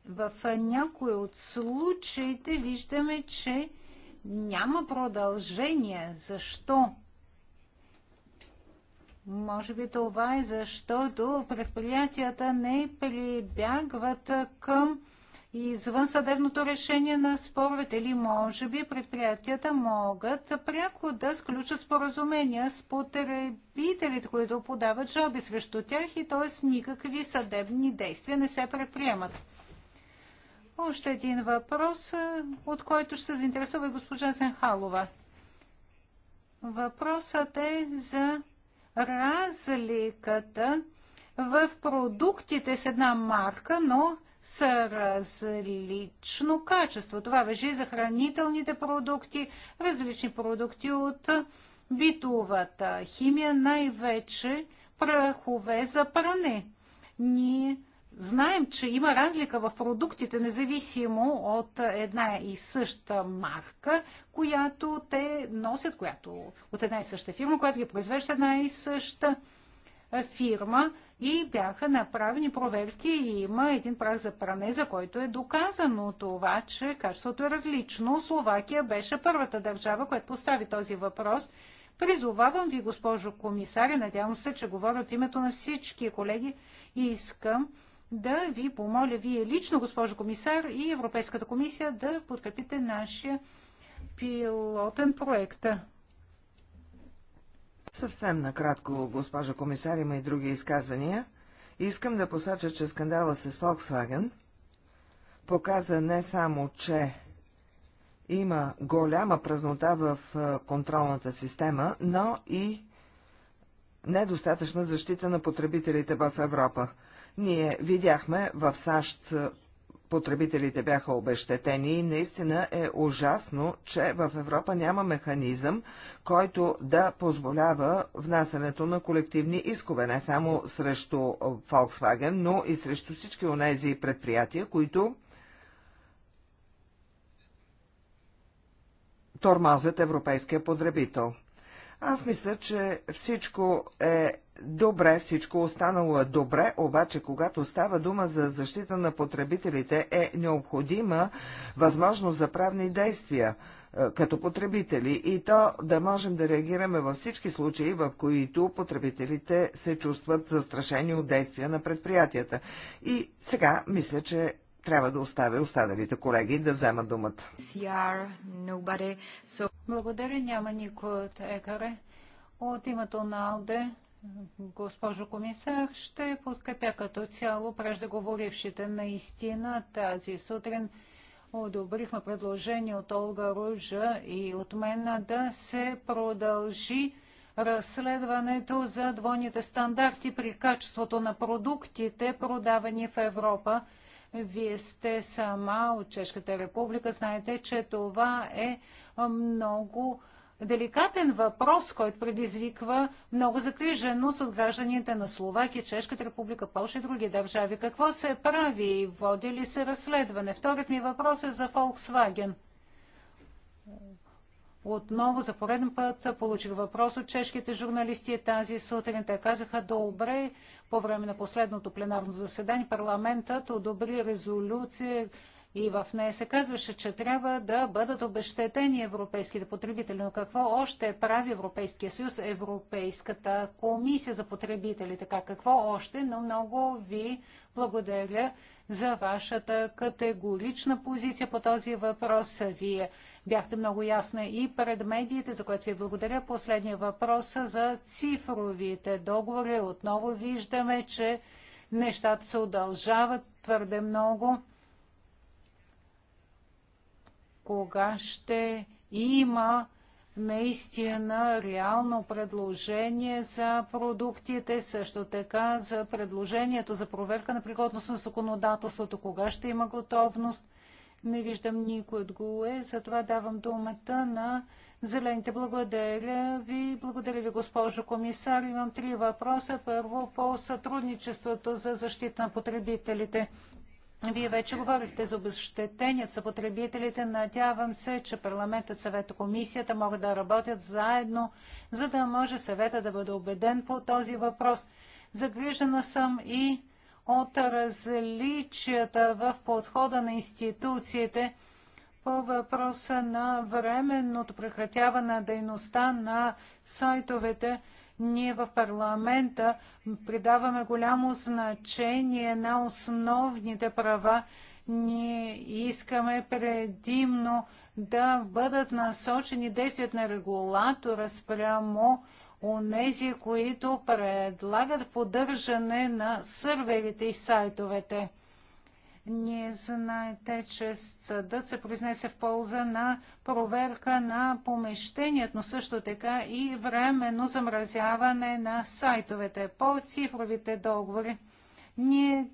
в някои от случаите виждаме, че няма продължение. Защо? Може би това е защото предприятията не прибягват към извън съдебното решение на споровете или може би предприятията могат пряко да сключат споразумения с потребителите, които подават жалби срещу тях и т.е. никакви съдебни действия не се предприемат. Още един въпрос, от който ще се заинтересува и госпожа Зенхалова. Въпросът е за разликата в продуктите с една марка, но с различно качество. Това вежи за хранителните продукти, различни продукти от битовата химия, най-вече прахове за пране. Ние Знаем, че има разлика в продуктите, независимо от една и съща марка, която те носят, която от една и съща фирма, която ги произвежда една и съща фирма и бяха направени проверки и има един прах за пране, за който е доказано това, че качеството е различно. Словакия беше първата държава, която постави този въпрос. Призовавам ви, госпожо комисаря, надявам се, че говоря от името на всички колеги и искам да ви помоля вие лично, госпожо комисар и Европейската комисия да подкрепите нашия пилотен проект. Съвсем накратко, госпожа комисар, има и други изказвания. Искам да посоча, че скандала с Volkswagen показа не само, че има голяма празнота в е, контролната система, но и недостатъчна защита на потребителите в Европа. Ние видяхме в САЩ е, потребителите бяха обещетени и наистина е ужасно, че в Европа няма механизъм, който да позволява внасянето на колективни искове, не само срещу е, Volkswagen, но и срещу всички онези предприятия, които тормозят европейския потребител. Аз мисля, че всичко е добре, всичко останало е добре, обаче когато става дума за защита на потребителите е необходима възможност за правни действия е, като потребители и то да можем да реагираме във всички случаи, в които потребителите се чувстват застрашени от действия на предприятията. И сега мисля, че трябва да оставя останалите колеги да вземат думата. Благодаря, няма никой от ЕКАРЕ. От името на АЛДЕ госпожо комисар, ще подкрепя като цяло преждеговорившите наистина тази сутрин. Одобрихме предложение от Олга Ружа и от мен да се продължи разследването за двойните стандарти при качеството на продуктите, продавани в Европа. Вие сте сама от Чешката република. Знаете, че това е много деликатен въпрос, който предизвиква много загриженост от гражданите на Словакия, Чешката република, Польша и други държави. Какво се прави? Води ли се разследване? Вторият ми въпрос е за Volkswagen. Отново за пореден път получих въпрос от чешките журналисти тази сутрин. Те казаха, добре, по време на последното пленарно заседание парламентът одобри резолюция и в нея се казваше, че трябва да бъдат обещетени европейските потребители. Но какво още прави Европейския съюз, Европейската комисия за потребители? Така, какво още? Но много ви благодаря за вашата категорична позиция по този въпрос. Вие бяхте много ясна и пред медиите, за което ви благодаря. Последния въпрос за цифровите договори. Отново виждаме, че нещата се удължават твърде много кога ще има наистина реално предложение за продуктите, също така за предложението за проверка на пригодност на законодателството, кога ще има готовност. Не виждам никой от ГУЕ, затова давам думата на Зелените. Благодаря ви. Благодаря ви, госпожо комисар. Имам три въпроса. Първо по сътрудничеството за защита на потребителите. Вие вече говорихте за обещетенията за потребителите. Надявам се, че парламентът, съвета, комисията могат да работят заедно, за да може съвета да бъде убеден по този въпрос. Загрижена съм и от различията в подхода на институциите по въпроса на временното прекратяване на дейността на сайтовете. Ние в парламента придаваме голямо значение на основните права. Ние искаме предимно да бъдат насочени действият на регулатора спрямо нези, които предлагат поддържане на серверите и сайтовете. Не знаете, че съдът се произнесе в полза на проверка на помещението, но също така и временно замразяване на сайтовете по цифровите договори. Ние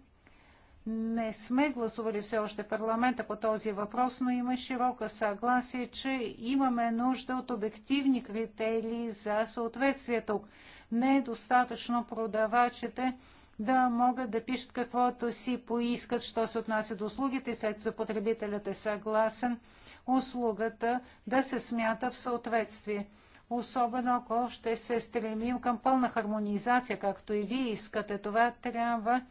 не сме гласували все още парламента по този въпрос, но има широка съгласие, че имаме нужда от обективни критерии за съответствието. Не е достатъчно продавачите да могат да пишат каквото си поискат, що се отнася до услугите и след като потребителят е съгласен, услугата да се смята в съответствие. Особено ако ще се стремим към пълна хармонизация, както и вие искате, това трябва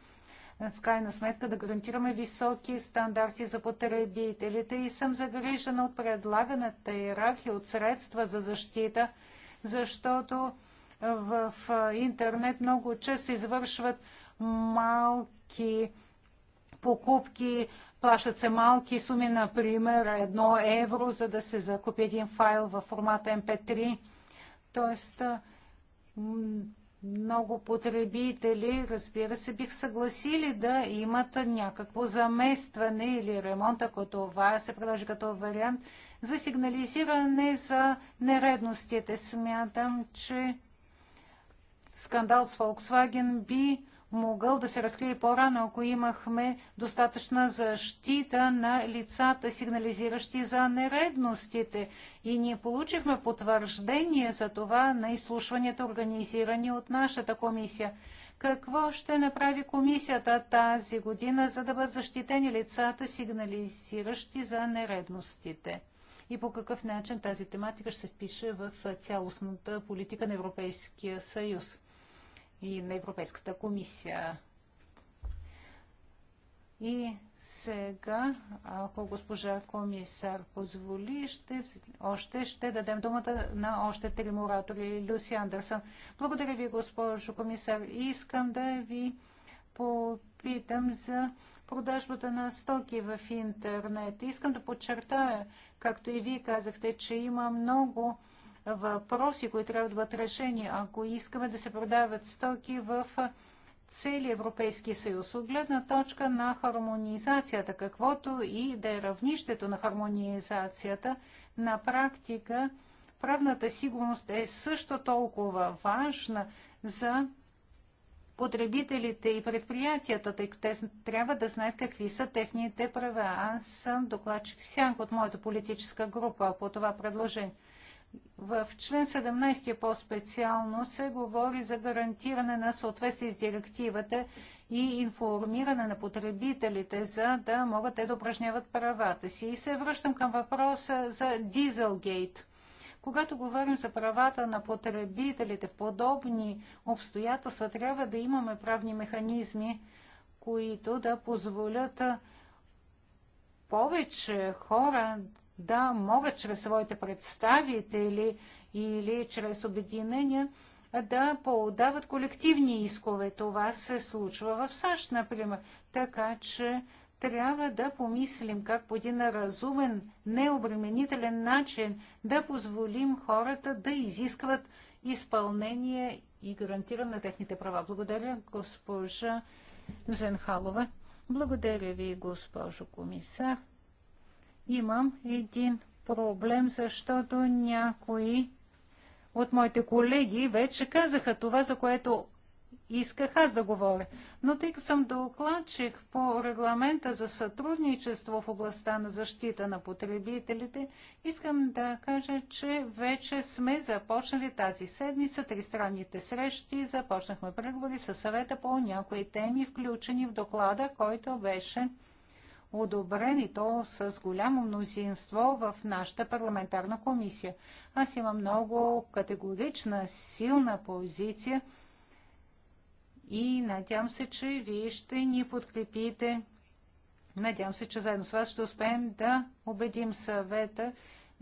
е, в крайна сметка да гарантираме високи стандарти за потребителите и съм загрижена от предлаганата иерархия от средства за защита, защото в интернет много често извършват малки покупки, плащат се малки суми, например едно евро, за да се закупи един файл в формата MP3. Тоест, много потребители, разбира се, бих съгласили да имат някакво заместване или ремонт, ако това се предложи като вариант, за сигнализиране за нередностите. Смятам, че скандал с Volkswagen би могъл да се разкрие по-рано, ако имахме достатъчна защита на лицата, сигнализиращи за нередностите. И ние получихме потвърждение за това на изслушванията, организирани от нашата комисия. Какво ще направи комисията тази година, за да бъдат защитени лицата, сигнализиращи за нередностите? И по какъв начин тази тематика ще се впише в цялостната политика на Европейския съюз? и на Европейската комисия. И сега, ако госпожа комисар позволи, ще, още ще дадем думата на още три моратори. Люси Андерсън. Благодаря ви, госпожо комисар. Искам да ви попитам за продажбата на стоки в интернет. Искам да подчертая, както и вие казахте, че има много въпроси, които трябва да бъдат решени, ако искаме да се продават стоки в цели Европейски съюз. От гледна точка на хармонизацията, каквото и да е равнището на хармонизацията, на практика правната сигурност е също толкова важна за потребителите и предприятията, тъй като те трябва да знаят какви са техните права. Аз съм докладчик сянк от моята политическа група по това предложение. В член 17 е по-специално се говори за гарантиране на съответствие с директивата и информиране на потребителите, за да могат те да упражняват правата си. И се връщам към въпроса за Дизелгейт. Когато говорим за правата на потребителите в подобни обстоятелства, трябва да имаме правни механизми, които да позволят повече хора да могат чрез своите представители или чрез обединения да подават колективни искове. Това се случва в САЩ, например. Така че трябва да помислим как по един разумен, необременителен начин да позволим хората да изискват изпълнение и гарантиране на техните права. Благодаря, госпожа Зенхалова. Благодаря ви, госпожо комисар имам един проблем, защото някои от моите колеги вече казаха това, за което исках аз да говоря. Но тъй като съм докладчик по регламента за сътрудничество в областта на защита на потребителите, искам да кажа, че вече сме започнали тази седмица тристранните срещи. Започнахме преговори със съвета по някои теми, включени в доклада, който беше одобрен и то с голямо мнозинство в нашата парламентарна комисия. Аз имам много категорична, силна позиция и надявам се, че вие ще ни подкрепите. Надявам се, че заедно с вас ще успеем да убедим съвета,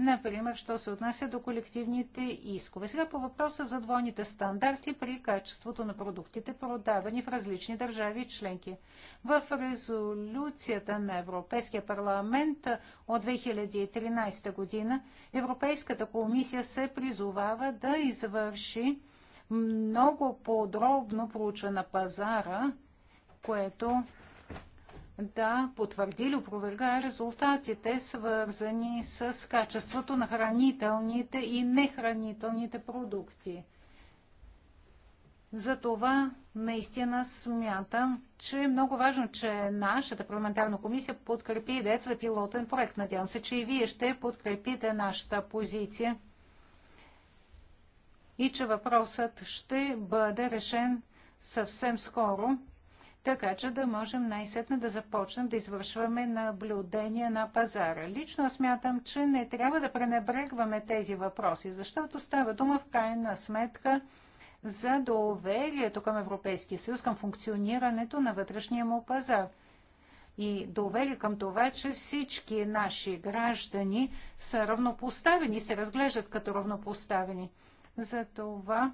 например, що се отнася до колективните искове. Сега по въпроса за двойните стандарти при качеството на продуктите, продавани в различни държави и членки. В резолюцията на Европейския парламент от 2013 година Европейската комисия се призовава да извърши много подробно проучване на пазара, което да потвърди или опровергае резултатите, свързани с качеството на хранителните и нехранителните продукти. Затова наистина смятам, че е много важно, че нашата парламентарна комисия подкрепи идеята за пилотен проект. Надявам се, че и вие ще подкрепите нашата позиция и че въпросът ще бъде решен съвсем скоро така че да можем най-сетне да започнем да извършваме наблюдение на пазара. Лично смятам, че не трябва да пренебрегваме тези въпроси, защото става дума в крайна сметка за доверието към Европейския съюз, към функционирането на вътрешния му пазар и довери към това, че всички наши граждани са равнопоставени, се разглеждат като равнопоставени. Затова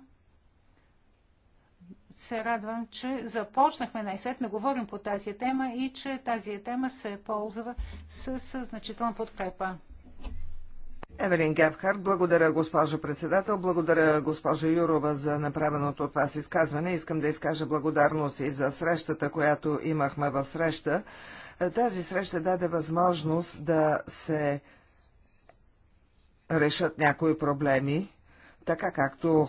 се радвам, че започнахме най-сетне, говорим по тази тема и че тази тема се ползва с, с значителна подкрепа. Евелин Гепхард, благодаря госпожо председател, благодаря госпожа Юрова за направеното от вас изказване. Искам да изкажа благодарност и за срещата, която имахме в среща. Тази среща даде възможност да се решат някои проблеми, така както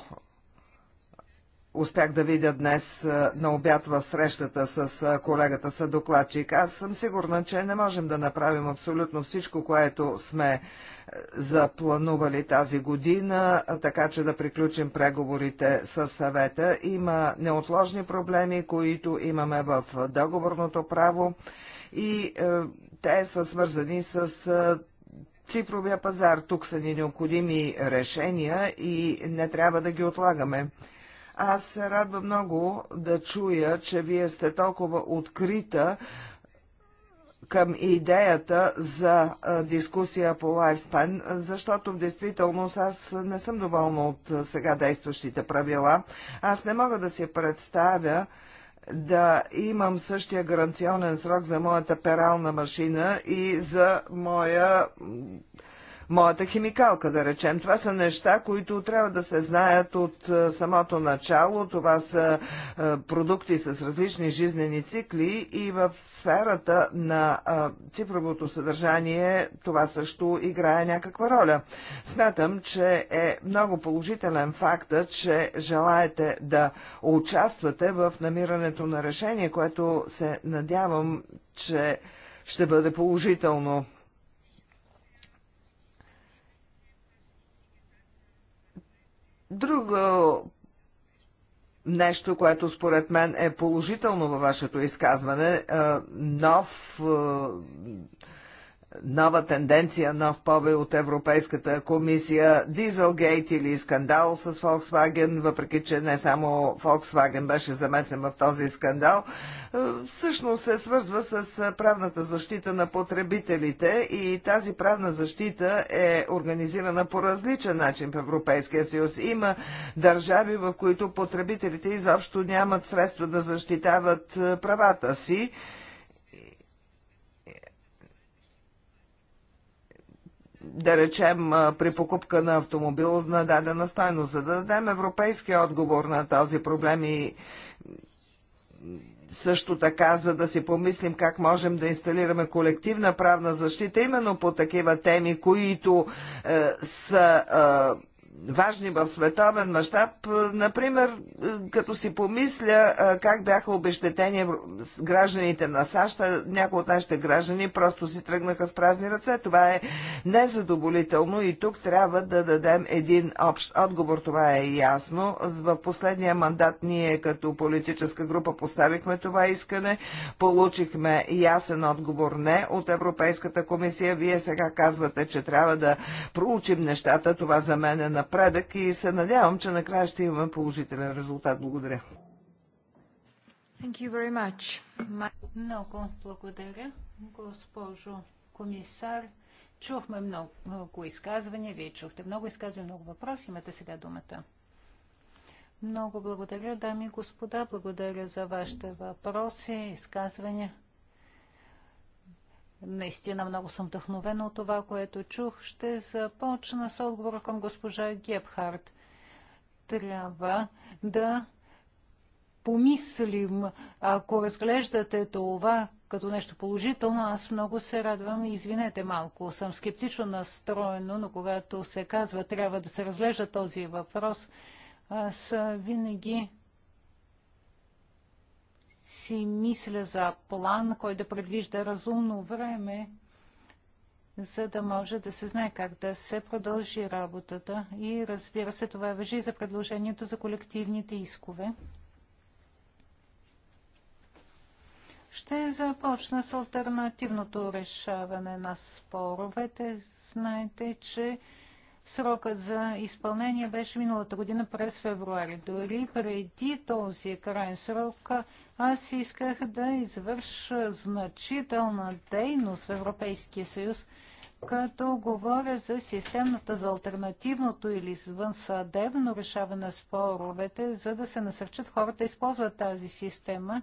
успях да видя днес на обяд в срещата с колегата съдокладчик. Аз съм сигурна, че не можем да направим абсолютно всичко, което сме запланували тази година, така че да приключим преговорите с съвета. Има неотложни проблеми, които имаме в договорното право и е, те са свързани с е, цифровия пазар. Тук са ни необходими решения и не трябва да ги отлагаме. Аз се радвам много да чуя, че вие сте толкова открита към идеята за дискусия по лайфспен, защото в действителност аз не съм доволна от сега действащите правила. Аз не мога да си представя да имам същия гаранционен срок за моята перална машина и за моя моята химикалка, да речем. Това са неща, които трябва да се знаят от е, самото начало. Това са е, продукти с различни жизнени цикли и в сферата на е, цифровото съдържание това също играе някаква роля. Смятам, че е много положителен факта, че желаете да участвате в намирането на решение, което се надявам, че ще бъде положително. Друго нещо, което според мен е положително във вашето изказване, е, нов е, нова тенденция, нов пове от Европейската комисия, Дизелгейт или скандал с Volkswagen, въпреки че не само Volkswagen беше замесен в този скандал, е, всъщност се свързва с е, правната защита на потребителите и тази правна защита е организирана по различен начин в Европейския съюз. Има държави, в които потребителите изобщо нямат средства да защитават е, правата си да речем, при покупка на автомобил на дадена стойност, за да дадем европейски отговор на този проблем и също така, за да си помислим как можем да инсталираме колективна правна защита, именно по такива теми, които е, са е, важни в световен мащаб. Например, като си помисля как бяха обещетени гражданите на САЩ, някои от нашите граждани просто си тръгнаха с празни ръце. Това е незадоволително и тук трябва да дадем един общ отговор. Това е ясно. В последния мандат ние като политическа група поставихме това искане. Получихме ясен отговор не от Европейската комисия. Вие сега казвате, че трябва да проучим нещата. Това за мен е на напредък и се надявам, че накрая ще имаме положителен резултат. Благодаря. Thank you very much. Много благодаря, госпожо комисар. Чухме много, много изказвания, вие чухте много изказвания, много въпроси. Имате сега думата. Много благодаря, дами и господа. Благодаря за вашите въпроси, изказвания. Наистина много съм вдъхновена от това, което чух. Ще започна с отговора към госпожа Гебхард. Трябва да помислим, ако разглеждате това като нещо положително, аз много се радвам. Извинете малко, съм скептично настроено, но когато се казва трябва да се разглежда този въпрос, аз винаги си мисля за план, който да предвижда разумно време, за да може да се знае как да се продължи работата. И разбира се, това въжи за предложението за колективните искове. Ще започна с альтернативното решаване на споровете. Знаете, че Срокът за изпълнение беше миналата година през февруари. Дори преди този крайен срок аз исках да извърша значителна дейност в Европейския съюз, като говоря за системната, за альтернативното или извънсъдебно решаване на споровете, за да се насърчат хората да използват тази система,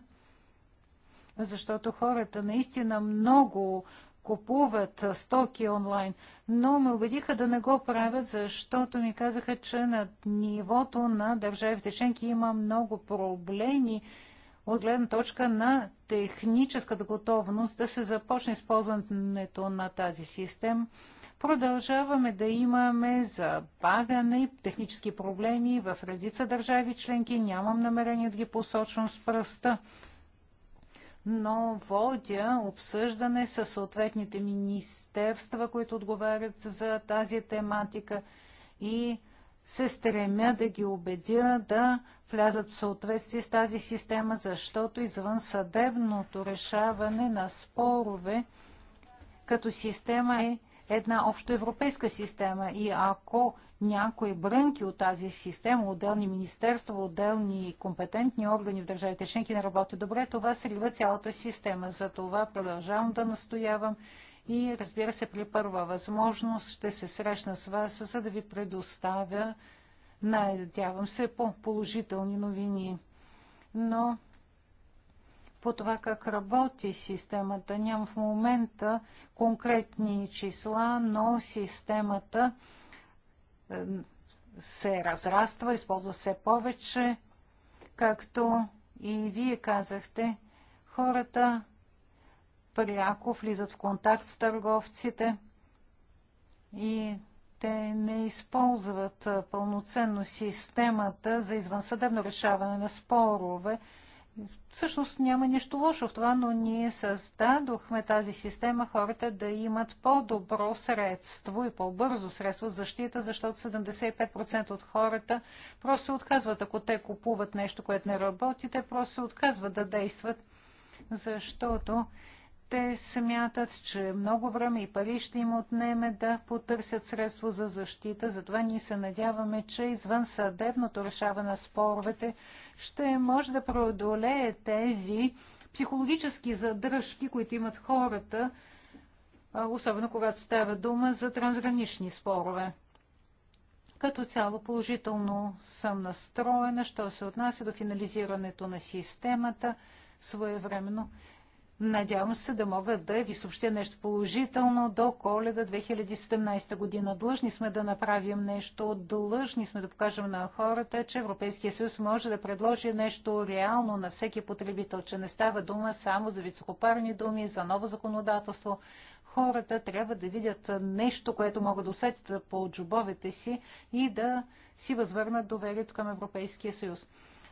защото хората наистина много купуват стоки онлайн, но ме убедиха да не го правят, защото ми казаха, че на нивото на държавите членки има много проблеми от гледна точка на техническата готовност да се започне използването на тази система. Продължаваме да имаме забавяне и технически проблеми в редица държави членки. Нямам намерение да ги посочвам с пръста но водя обсъждане с съответните министерства, които отговарят за тази тематика и се стремя да ги убедя да влязат в съответствие с тази система, защото извън съдебното решаване на спорове като система е една общоевропейска система и ако някои брънки от тази система, отделни министерства, отделни компетентни органи в държавите членки не работят добре, това срива цялата система. За това продължавам да настоявам и разбира се, при първа възможност ще се срещна с вас, за да ви предоставя, надявам се, по-положителни новини. Но по това как работи системата, нямам в момента конкретни числа, но системата е, се разраства, използва се повече, както и вие казахте, хората пряко влизат в контакт с търговците и те не използват пълноценно системата за извънсъдебно решаване на спорове, Всъщност няма нищо лошо в това, но ние създадохме тази система хората да имат по-добро средство и по-бързо средство за защита, защото 75% от хората просто се отказват. Ако те купуват нещо, което не работи, те просто се отказват да действат, защото те смятат, че много време и пари ще им отнеме да потърсят средство за защита. Затова ние се надяваме, че извън съдебното решаване на споровете ще може да преодолее тези психологически задръжки, които имат хората, особено когато става дума за трансгранични спорове. Като цяло положително съм настроена, що се отнася до финализирането на системата своевременно. Надявам се да мога да ви съобщя нещо положително до коледа 2017 година. Длъжни сме да направим нещо, длъжни сме да покажем на хората, че Европейския съюз може да предложи нещо реално на всеки потребител, че не става дума само за високопарни думи, за ново законодателство. Хората трябва да видят нещо, което могат да усетят по джобовете си и да си възвърнат доверието към Европейския съюз.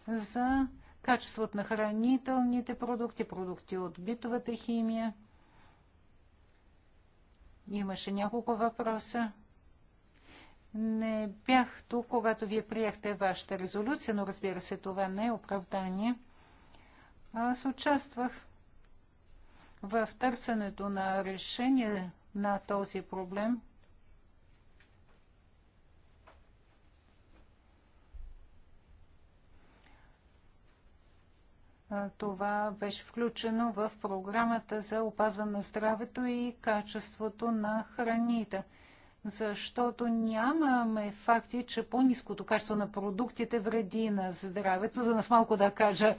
За качеството на хранителните продукти, продукти от битовата химия. Имаше няколко въпроса. Не бях тук, когато вие приехте вашата резолюция, но разбира се, това не е оправдание. Аз участвах в търсенето на решение на този проблем – това беше включено в програмата за опазване на здравето и качеството на храните. Защото нямаме факти, че по-низкото качество на продуктите вреди на здравето. За нас малко да кажа,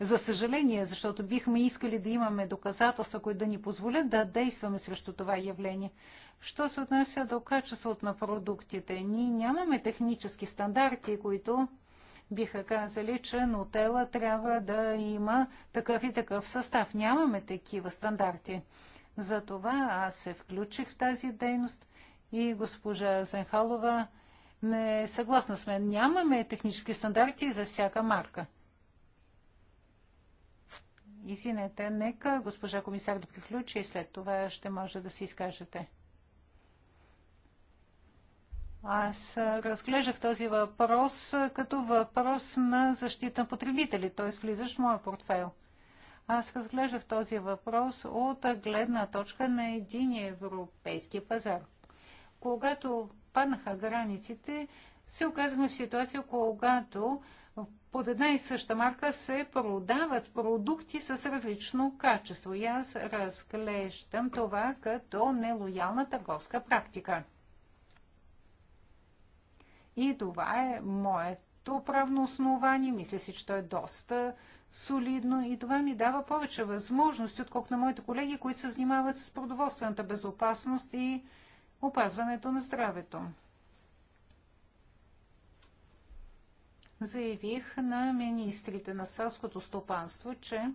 за съжаление, защото бихме искали да имаме доказателства, които да ни позволят да действаме срещу това явление. Що се отнася до качеството на продуктите? Ние нямаме технически стандарти, които биха казали, че нотела трябва да има такъв и такъв състав. Нямаме такива стандарти. Затова аз се включих в тази дейност и госпожа Зенхалова не е съгласна с мен. Нямаме технически стандарти за всяка марка. Извинете, нека госпожа комисар да приключи и след това ще може да се изкажете. Аз разглеждах този въпрос като въпрос на защита на потребители, т.е. влизаш в моя портфел. Аз разглеждах този въпрос от гледна точка на един европейски пазар. Когато паднаха границите, се оказахме в ситуация, когато под една и съща марка се продават продукти с различно качество. И аз разглеждам това като нелоялна търговска практика. И това е моето правно основание. Мисля си, че то е доста солидно и това ми дава повече възможности, отколкото на моите колеги, които се занимават с продоволствената безопасност и опазването на здравето. Заявих на министрите на селското стопанство, че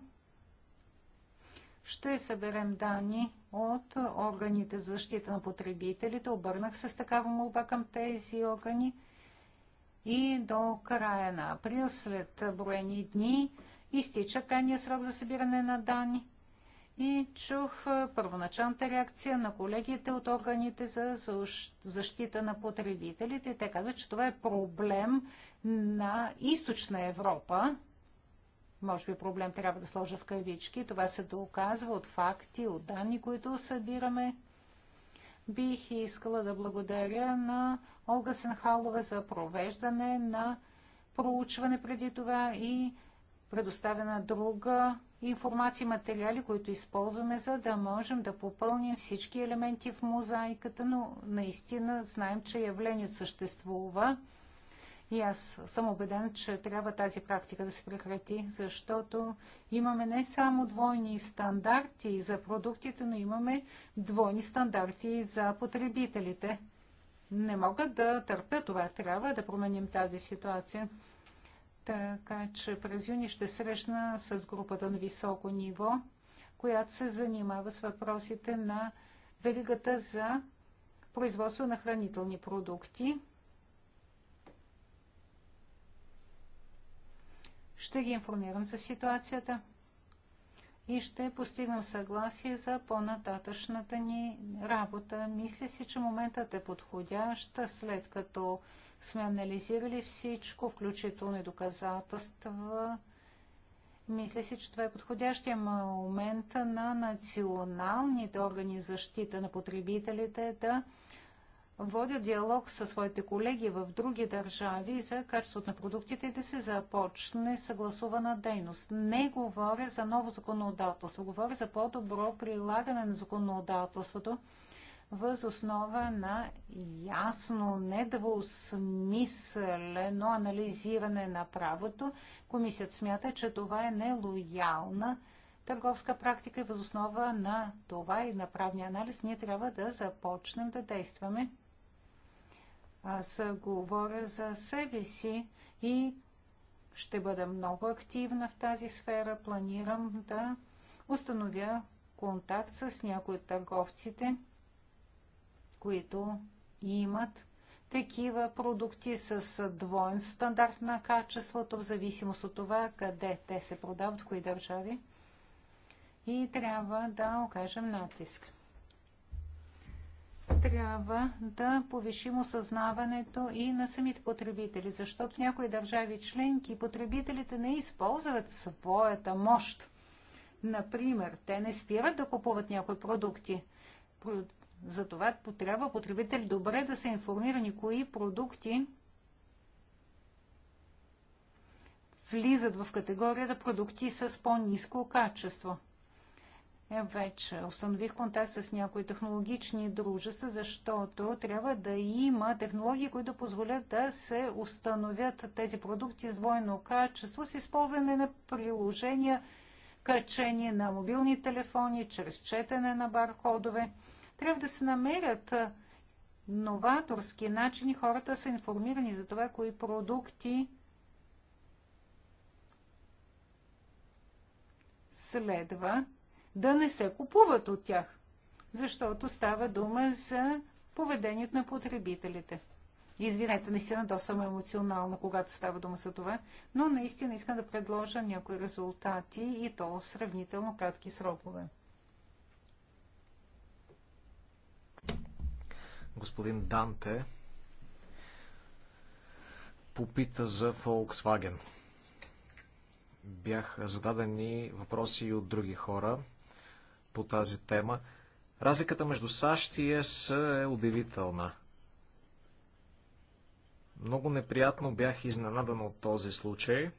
ще съберем данни от органите за защита на потребителите. Обърнах се с такава молба към тези органи – и до края на април, след броени дни, изтича крайния срок за събиране на данни. И чух първоначалната реакция на колегите от органите за защита на потребителите. Те казват, че това е проблем на източна Европа. Може би проблем трябва да сложа в кавички. Това се доказва от факти, от данни, които събираме Бих искала да благодаря на Олга Сенхалова за провеждане на проучване преди това и предоставена друга информация и материали, които използваме, за да можем да попълним всички елементи в мозайката, но наистина знаем, че явлението съществува. И аз съм убеден, че трябва тази практика да се прекрати, защото имаме не само двойни стандарти за продуктите, но имаме двойни стандарти за потребителите. Не мога да търпя това. Трябва да променим тази ситуация. Така че през юни ще срещна с групата на високо ниво, която се занимава с въпросите на веригата за производство на хранителни продукти. Ще ги информирам за ситуацията и ще постигнем съгласие за по-нататъчната ни работа. Мисля си, че моментът е подходящ, след като сме анализирали всичко, включително и доказателства. Мисля си, че това е подходящия момент на националните органи защита на потребителите да водя диалог със своите колеги в други държави за качеството на продуктите и да се започне съгласувана дейност. Не говоря за ново законодателство, говоря за по-добро прилагане на законодателството въз основа на ясно, недвусмислено анализиране на правото. Комисията смята, че това е нелоялна търговска практика и възоснова на това и на правния анализ ние трябва да започнем да действаме. Аз говоря за себе си и ще бъда много активна в тази сфера. Планирам да установя контакт с някои от търговците, които имат такива продукти с двоен стандарт на качеството, в зависимост от това къде те се продават, в кои държави. И трябва да окажем натиск трябва да повишим осъзнаването и на самите потребители, защото в някои държави членки потребителите не използват своята мощ. Например, те не спират да купуват някои продукти. Затова трябва потребители добре да са информирани кои продукти влизат в категорията продукти с по-низко качество – вече установих контакт с някои технологични дружества, защото трябва да има технологии, които позволят да се установят тези продукти с двойно качество с използване на приложения, качени на мобилни телефони, чрез четене на баркодове. Трябва да се намерят новаторски начини хората са информирани за това, кои продукти следва да не се купуват от тях, защото става дума за поведението на потребителите. Извинете, наистина доста съм емоционална, когато става дума за това, но наистина искам да предложа някои резултати и то в сравнително кратки срокове. Господин Данте попита за Volkswagen. Бяха зададени въпроси и от други хора по тази тема. Разликата между САЩ и ЕС е удивителна. Много неприятно бях изненадан от този случай.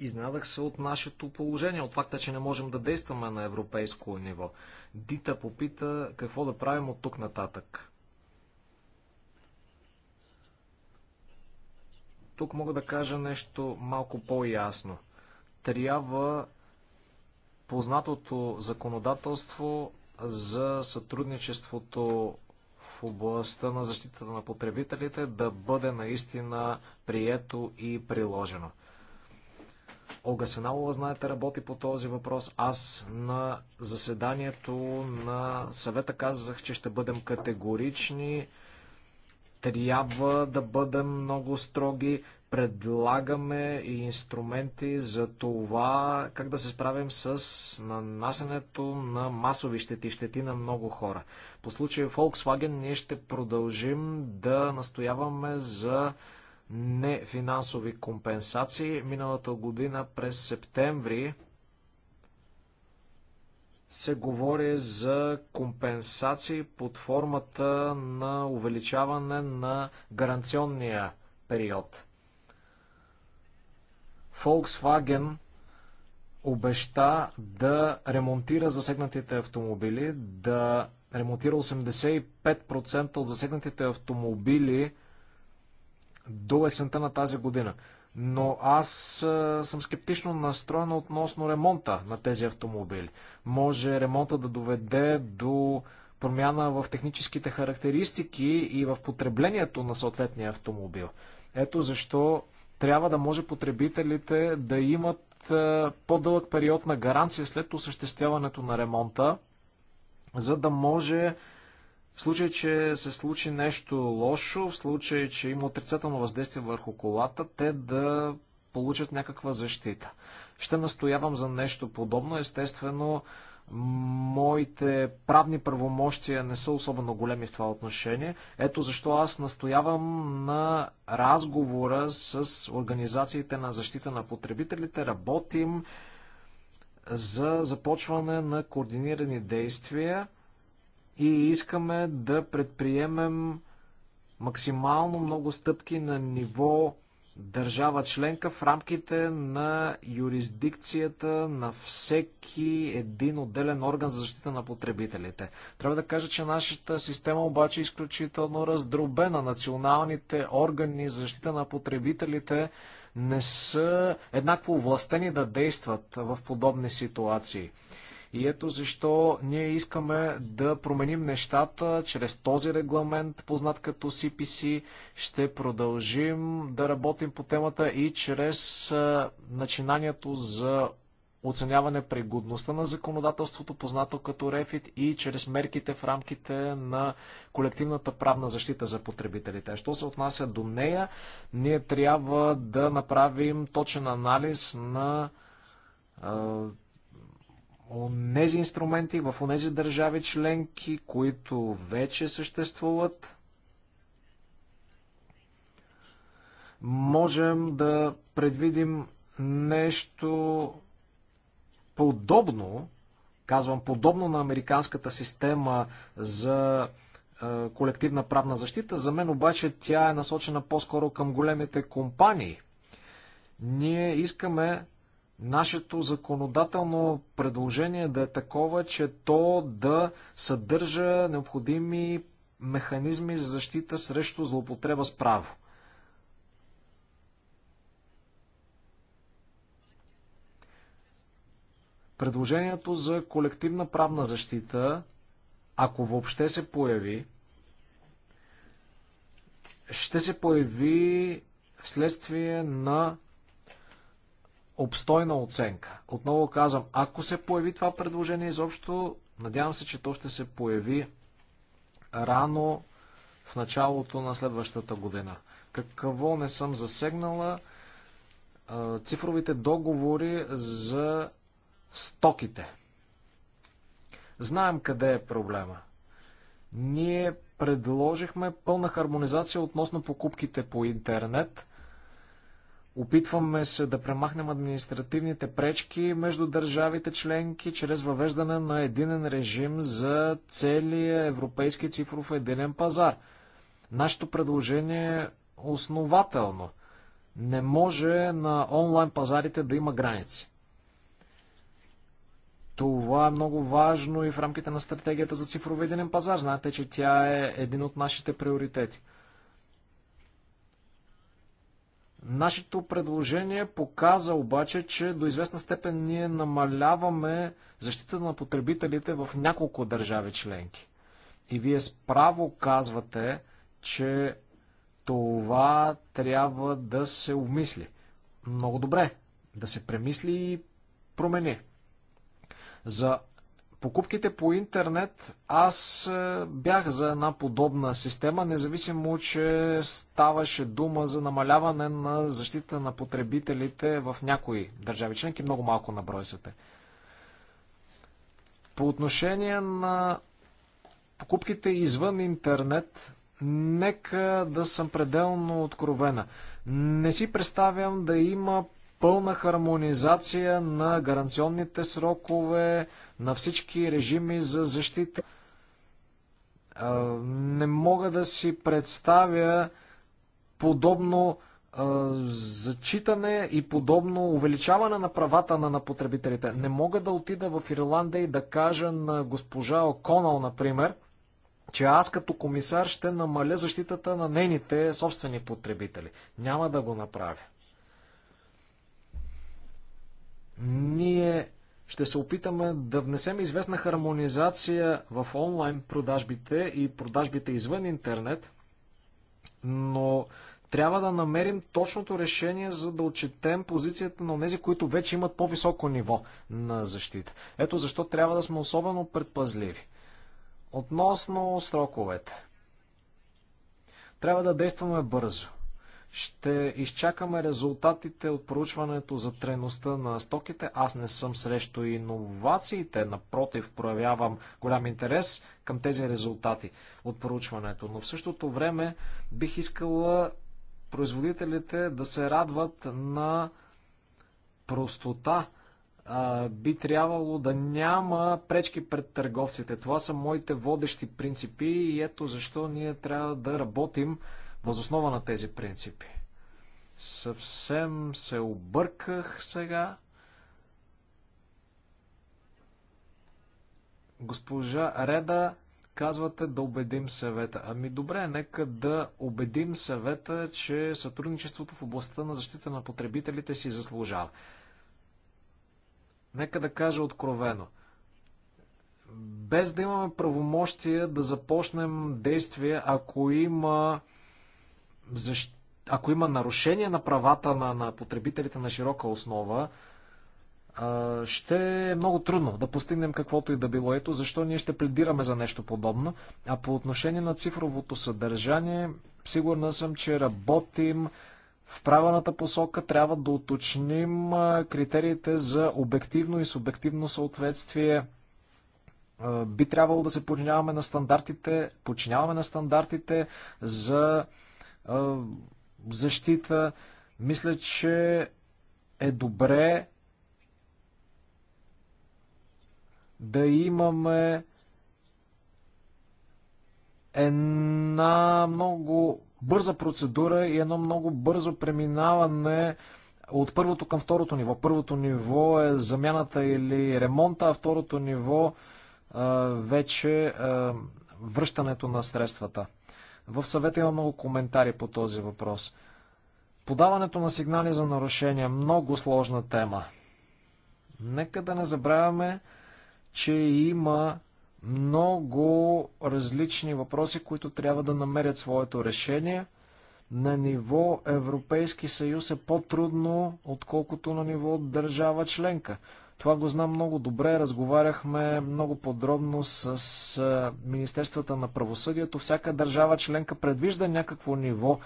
Изненадах се от нашето положение, от факта, че не можем да действаме на европейско ниво. Дита попита какво да правим от тук нататък. Тук мога да кажа нещо малко по-ясно. Трябва познатото законодателство за сътрудничеството в областта на защитата на потребителите да бъде наистина прието и приложено. Олга Сеналова, знаете, работи по този въпрос. Аз на заседанието на съвета казах, че ще бъдем категорични, трябва да бъдем много строги предлагаме и инструменти за това как да се справим с нанасенето на масови щети, щети на много хора. По случая Volkswagen ние ще продължим да настояваме за нефинансови компенсации. Миналата година през септември се говори за компенсации под формата на увеличаване на гаранционния период. Volkswagen обеща да ремонтира засегнатите автомобили, да ремонтира 85% от засегнатите автомобили до есента на тази година. Но аз съм скептично настроен относно ремонта на тези автомобили. Може ремонта да доведе до промяна в техническите характеристики и в потреблението на съответния автомобил. Ето защо трябва да може потребителите да имат е, по-дълъг период на гаранция след осъществяването на ремонта, за да може в случай, че се случи нещо лошо, в случай, че има отрицателно въздействие върху колата, те да получат някаква защита. Ще настоявам за нещо подобно. Естествено, моите правни правомощия не са особено големи в това отношение. Ето защо аз настоявам на разговора с организациите на защита на потребителите. Работим за започване на координирани действия и искаме да предприемем максимално много стъпки на ниво държава членка в рамките на юрисдикцията на всеки един отделен орган за защита на потребителите. Трябва да кажа, че нашата система обаче е изключително раздробена. Националните органи за защита на потребителите не са еднакво властени да действат в подобни ситуации. И ето защо ние искаме да променим нещата чрез този регламент, познат като CPC. Ще продължим да работим по темата и чрез начинанието за оценяване пригодността на законодателството, познато като РЕФИТ и чрез мерките в рамките на колективната правна защита за потребителите. Що се отнася до нея, ние трябва да направим точен анализ на онези инструменти в онези държави членки, които вече съществуват. Можем да предвидим нещо подобно, казвам подобно на американската система за е, колективна правна защита. За мен обаче тя е насочена по-скоро към големите компании. Ние искаме нашето законодателно предложение да е такова, че то да съдържа необходими механизми за защита срещу злоупотреба с право. Предложението за колективна правна защита, ако въобще се появи, ще се появи вследствие на обстойна оценка. Отново казвам, ако се появи това предложение изобщо, надявам се, че то ще се появи рано в началото на следващата година. Какво не съм засегнала? Цифровите договори за стоките. Знаем къде е проблема. Ние предложихме пълна хармонизация относно покупките по интернет – Опитваме се да премахнем административните пречки между държавите членки чрез въвеждане на единен режим за целия европейски цифров единен пазар. Нашето предложение е основателно. Не може на онлайн пазарите да има граници. Това е много важно и в рамките на стратегията за цифроведенен пазар. Знаете, че тя е един от нашите приоритети. Нашето предложение показа обаче, че до известна степен ние намаляваме защита на потребителите в няколко държави членки. И вие справо казвате, че това трябва да се обмисли. Много добре, да се премисли и промени. За покупките по интернет аз е, бях за една подобна система, независимо, че ставаше дума за намаляване на защита на потребителите в някои държави членки, много малко на брой са те. По отношение на покупките извън интернет, нека да съм пределно откровена. Не си представям да има пълна хармонизация на гаранционните срокове, на всички режими за защита. Не мога да си представя подобно зачитане и подобно увеличаване на правата на, на потребителите. Не мога да отида в Ирландия и да кажа на госпожа Оконал, например, че аз като комисар ще намаля защитата на нейните собствени потребители. Няма да го направя. Ние ще се опитаме да внесем известна хармонизация в онлайн продажбите и продажбите извън интернет, но трябва да намерим точното решение, за да отчетем позицията на тези, които вече имат по-високо ниво на защита. Ето защо трябва да сме особено предпазливи. Относно сроковете. Трябва да действаме бързо. Ще изчакаме резултатите от проучването за треността на стоките. Аз не съм срещу иновациите, напротив, проявявам голям интерес към тези резултати от проучването. Но в същото време бих искала производителите да се радват на простота. би трябвало да няма пречки пред търговците. Това са моите водещи принципи и ето защо ние трябва да работим възоснова на тези принципи. Съвсем се обърках сега. Госпожа Реда, казвате да убедим съвета. Ами добре, нека да убедим съвета, че сътрудничеството в областта на защита на потребителите си заслужава. Нека да кажа откровено. Без да имаме правомощия да започнем действия, ако има ако има нарушение на правата на, на потребителите на широка основа, ще е много трудно да постигнем каквото и да било. Ето защо ние ще пледираме за нещо подобно. А по отношение на цифровото съдържание, сигурна съм, че работим в правилната посока. Трябва да уточним критериите за обективно и субективно съответствие. Би трябвало да се подчиняваме на стандартите, подчиняваме на стандартите за защита. Мисля, че е добре да имаме една много бърза процедура и едно много бързо преминаване от първото към второто ниво. Първото ниво е замяната или ремонта, а второто ниво а, вече а, връщането на средствата. В съвета има много коментари по този въпрос. Подаването на сигнали за нарушения е много сложна тема. Нека да не забравяме, че има много различни въпроси, които трябва да намерят своето решение на ниво Европейски съюз е по-трудно, отколкото на ниво държава членка. Това го знам много добре. Разговаряхме много подробно с Министерствата на правосъдието. Всяка държава членка предвижда някакво ниво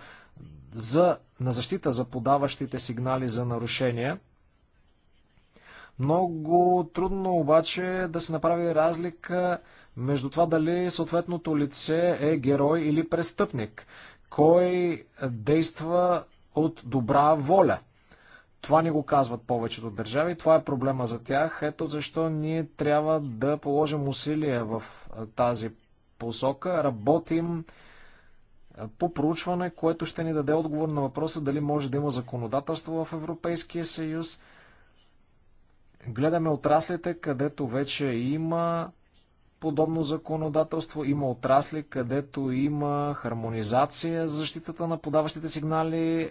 за, на защита за подаващите сигнали за нарушения. Много трудно обаче да се направи разлика между това дали съответното лице е герой или престъпник кой действа от добра воля. Това ни го казват повечето държави, това е проблема за тях. Ето защо ние трябва да положим усилия в тази посока. Работим по проучване, което ще ни даде отговор на въпроса дали може да има законодателство в Европейския съюз. Гледаме отраслите, където вече има подобно законодателство. Има отрасли, където има хармонизация за защитата на подаващите сигнали е,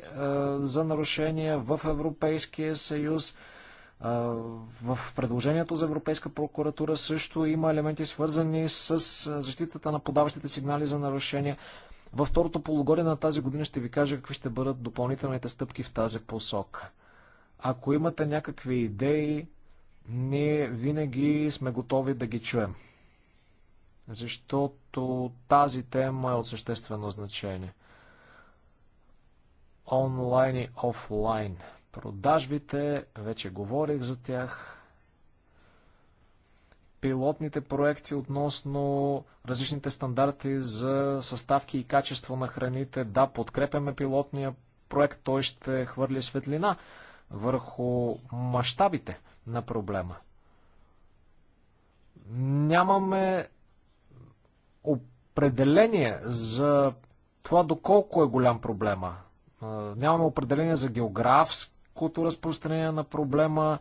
за нарушения в Европейския съюз. Е, в предложението за Европейска прокуратура също има елементи свързани с е, защитата на подаващите сигнали за нарушения. Във второто полугодие на тази година ще ви кажа какви ще бъдат допълнителните стъпки в тази посока. Ако имате някакви идеи, ние винаги сме готови да ги чуем защото тази тема е от съществено значение. Онлайн и офлайн. Продажбите, вече говорих за тях. Пилотните проекти относно различните стандарти за съставки и качество на храните. Да, подкрепяме пилотния проект, той ще хвърли светлина върху мащабите на проблема. Нямаме определение за това доколко е голям проблема. Нямаме определение за географското разпространение на проблема.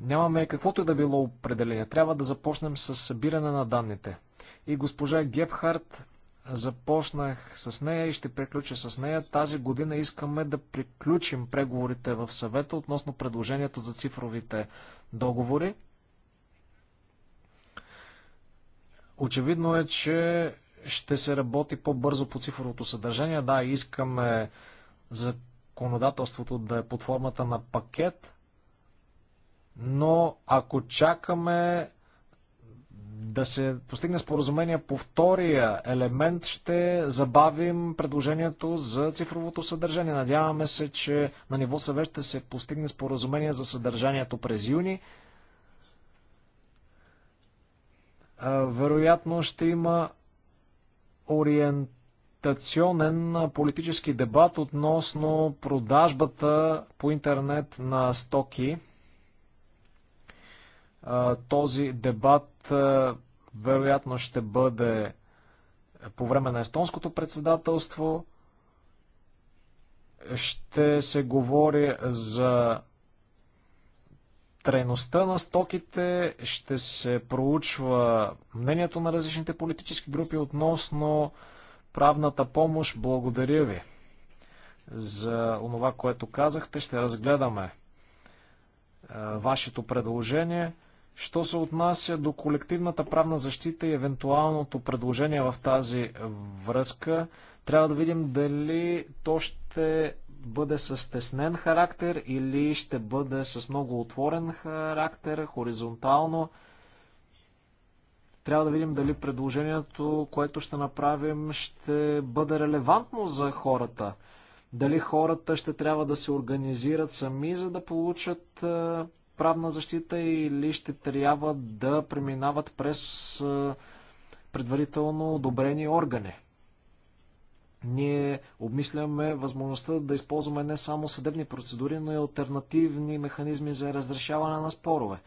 Нямаме каквото и да било определение. Трябва да започнем с събиране на данните. И госпожа Гепхарт, започнах с нея и ще приключа с нея. Тази година искаме да приключим преговорите в съвета относно предложението за цифровите договори. Очевидно е, че ще се работи по-бързо по цифровото съдържание. Да, искаме законодателството да е под формата на пакет, но ако чакаме да се постигне споразумение по втория елемент, ще забавим предложението за цифровото съдържание. Надяваме се, че на ниво съвет ще се постигне споразумение за съдържанието през юни. вероятно ще има ориентационен политически дебат относно продажбата по интернет на стоки. Този дебат вероятно ще бъде по време на естонското председателство. Ще се говори за трайността на стоките, ще се проучва мнението на различните политически групи относно правната помощ. Благодаря ви за онова, което казахте. Ще разгледаме вашето предложение. Що се отнася до колективната правна защита и евентуалното предложение в тази връзка, трябва да видим дали то ще бъде с стеснен характер или ще бъде с много отворен характер, хоризонтално. Трябва да видим дали предложението, което ще направим, ще бъде релевантно за хората. Дали хората ще трябва да се организират сами, за да получат е, правна защита или ще трябва да преминават през е, предварително одобрени органи ние обмисляме възможността да използваме не само съдебни процедури, но и альтернативни механизми за разрешаване на спорове.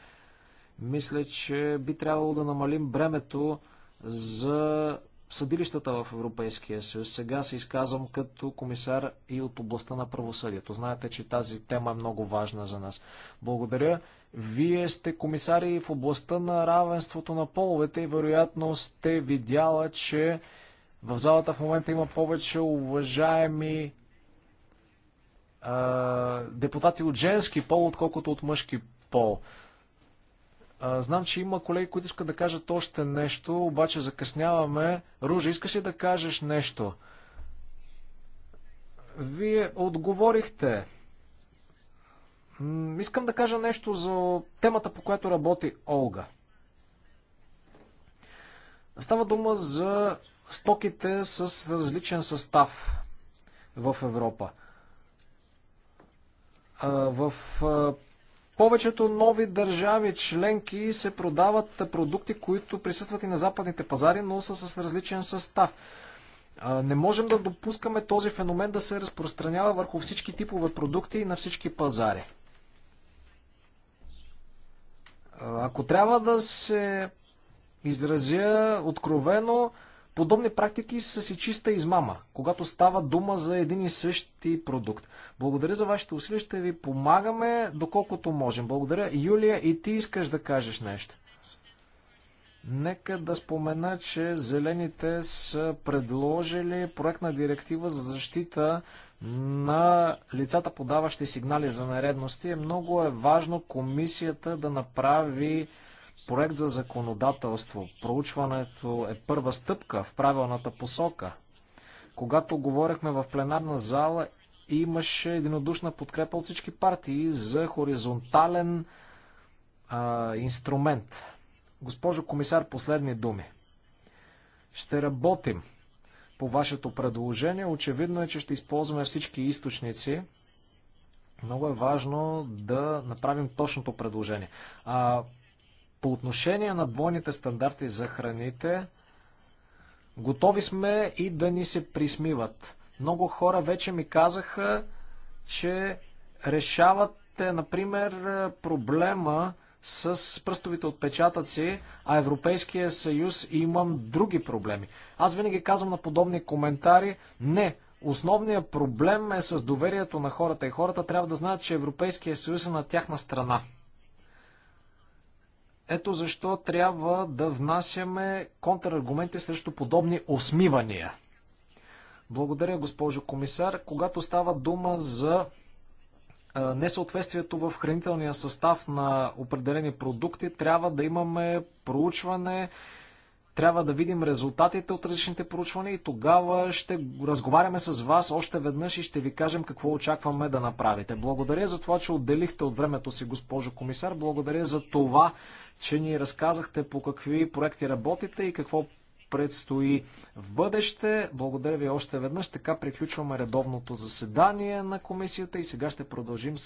Мисля, че би трябвало да намалим бремето за съдилищата в Европейския съюз. Сега се изказвам като комисар и от областта на правосъдието. Знаете, че тази тема е много важна за нас. Благодаря. Вие сте комисари в областта на равенството на половете и вероятно сте видяла, че в залата в момента има повече уважаеми а, депутати от женски пол, отколкото от мъжки пол. А, знам, че има колеги, които искат да кажат още нещо, обаче закъсняваме. Ружа, искаш ли да кажеш нещо? Вие отговорихте. Искам да кажа нещо за темата, по която работи Олга. Става дума за стоките с различен състав в Европа. В повечето нови държави членки се продават продукти, които присъстват и на западните пазари, но са с различен състав. Не можем да допускаме този феномен да се разпространява върху всички типове продукти и на всички пазари. Ако трябва да се изразя откровено, подобни практики са си чиста измама, когато става дума за един и същи продукт. Благодаря за вашите усилия, ще ви помагаме доколкото можем. Благодаря. Юлия, и ти искаш да кажеш нещо. Нека да спомена, че зелените са предложили проект на директива за защита на лицата, подаващи сигнали за нередности. Много е важно комисията да направи проект за законодателство. Проучването е първа стъпка в правилната посока. Когато говорихме в пленарна зала, имаше единодушна подкрепа от всички партии за хоризонтален а, инструмент. Госпожо комисар, последни думи. Ще работим по вашето предложение. Очевидно е, че ще използваме всички източници. Много е важно да направим точното предложение. А, по отношение на двойните стандарти за храните, готови сме и да ни се присмиват. Много хора вече ми казаха, че решавате, например, проблема с пръстовите отпечатъци, а Европейския съюз имам други проблеми. Аз винаги казвам на подобни коментари, не, основният проблем е с доверието на хората и хората трябва да знаят, че Европейския съюз е на тяхна страна. Ето защо трябва да внасяме контраргументи срещу подобни осмивания. Благодаря, госпожо комисар. Когато става дума за несъответствието в хранителния състав на определени продукти, трябва да имаме проучване, трябва да видим резултатите от различните проучвания и тогава ще разговаряме с вас още веднъж и ще ви кажем какво очакваме да направите. Благодаря за това, че отделихте от времето си, госпожо комисар. Благодаря за това, че ни разказахте по какви проекти работите и какво предстои в бъдеще. Благодаря ви още веднъж. Така приключваме редовното заседание на комисията и сега ще продължим с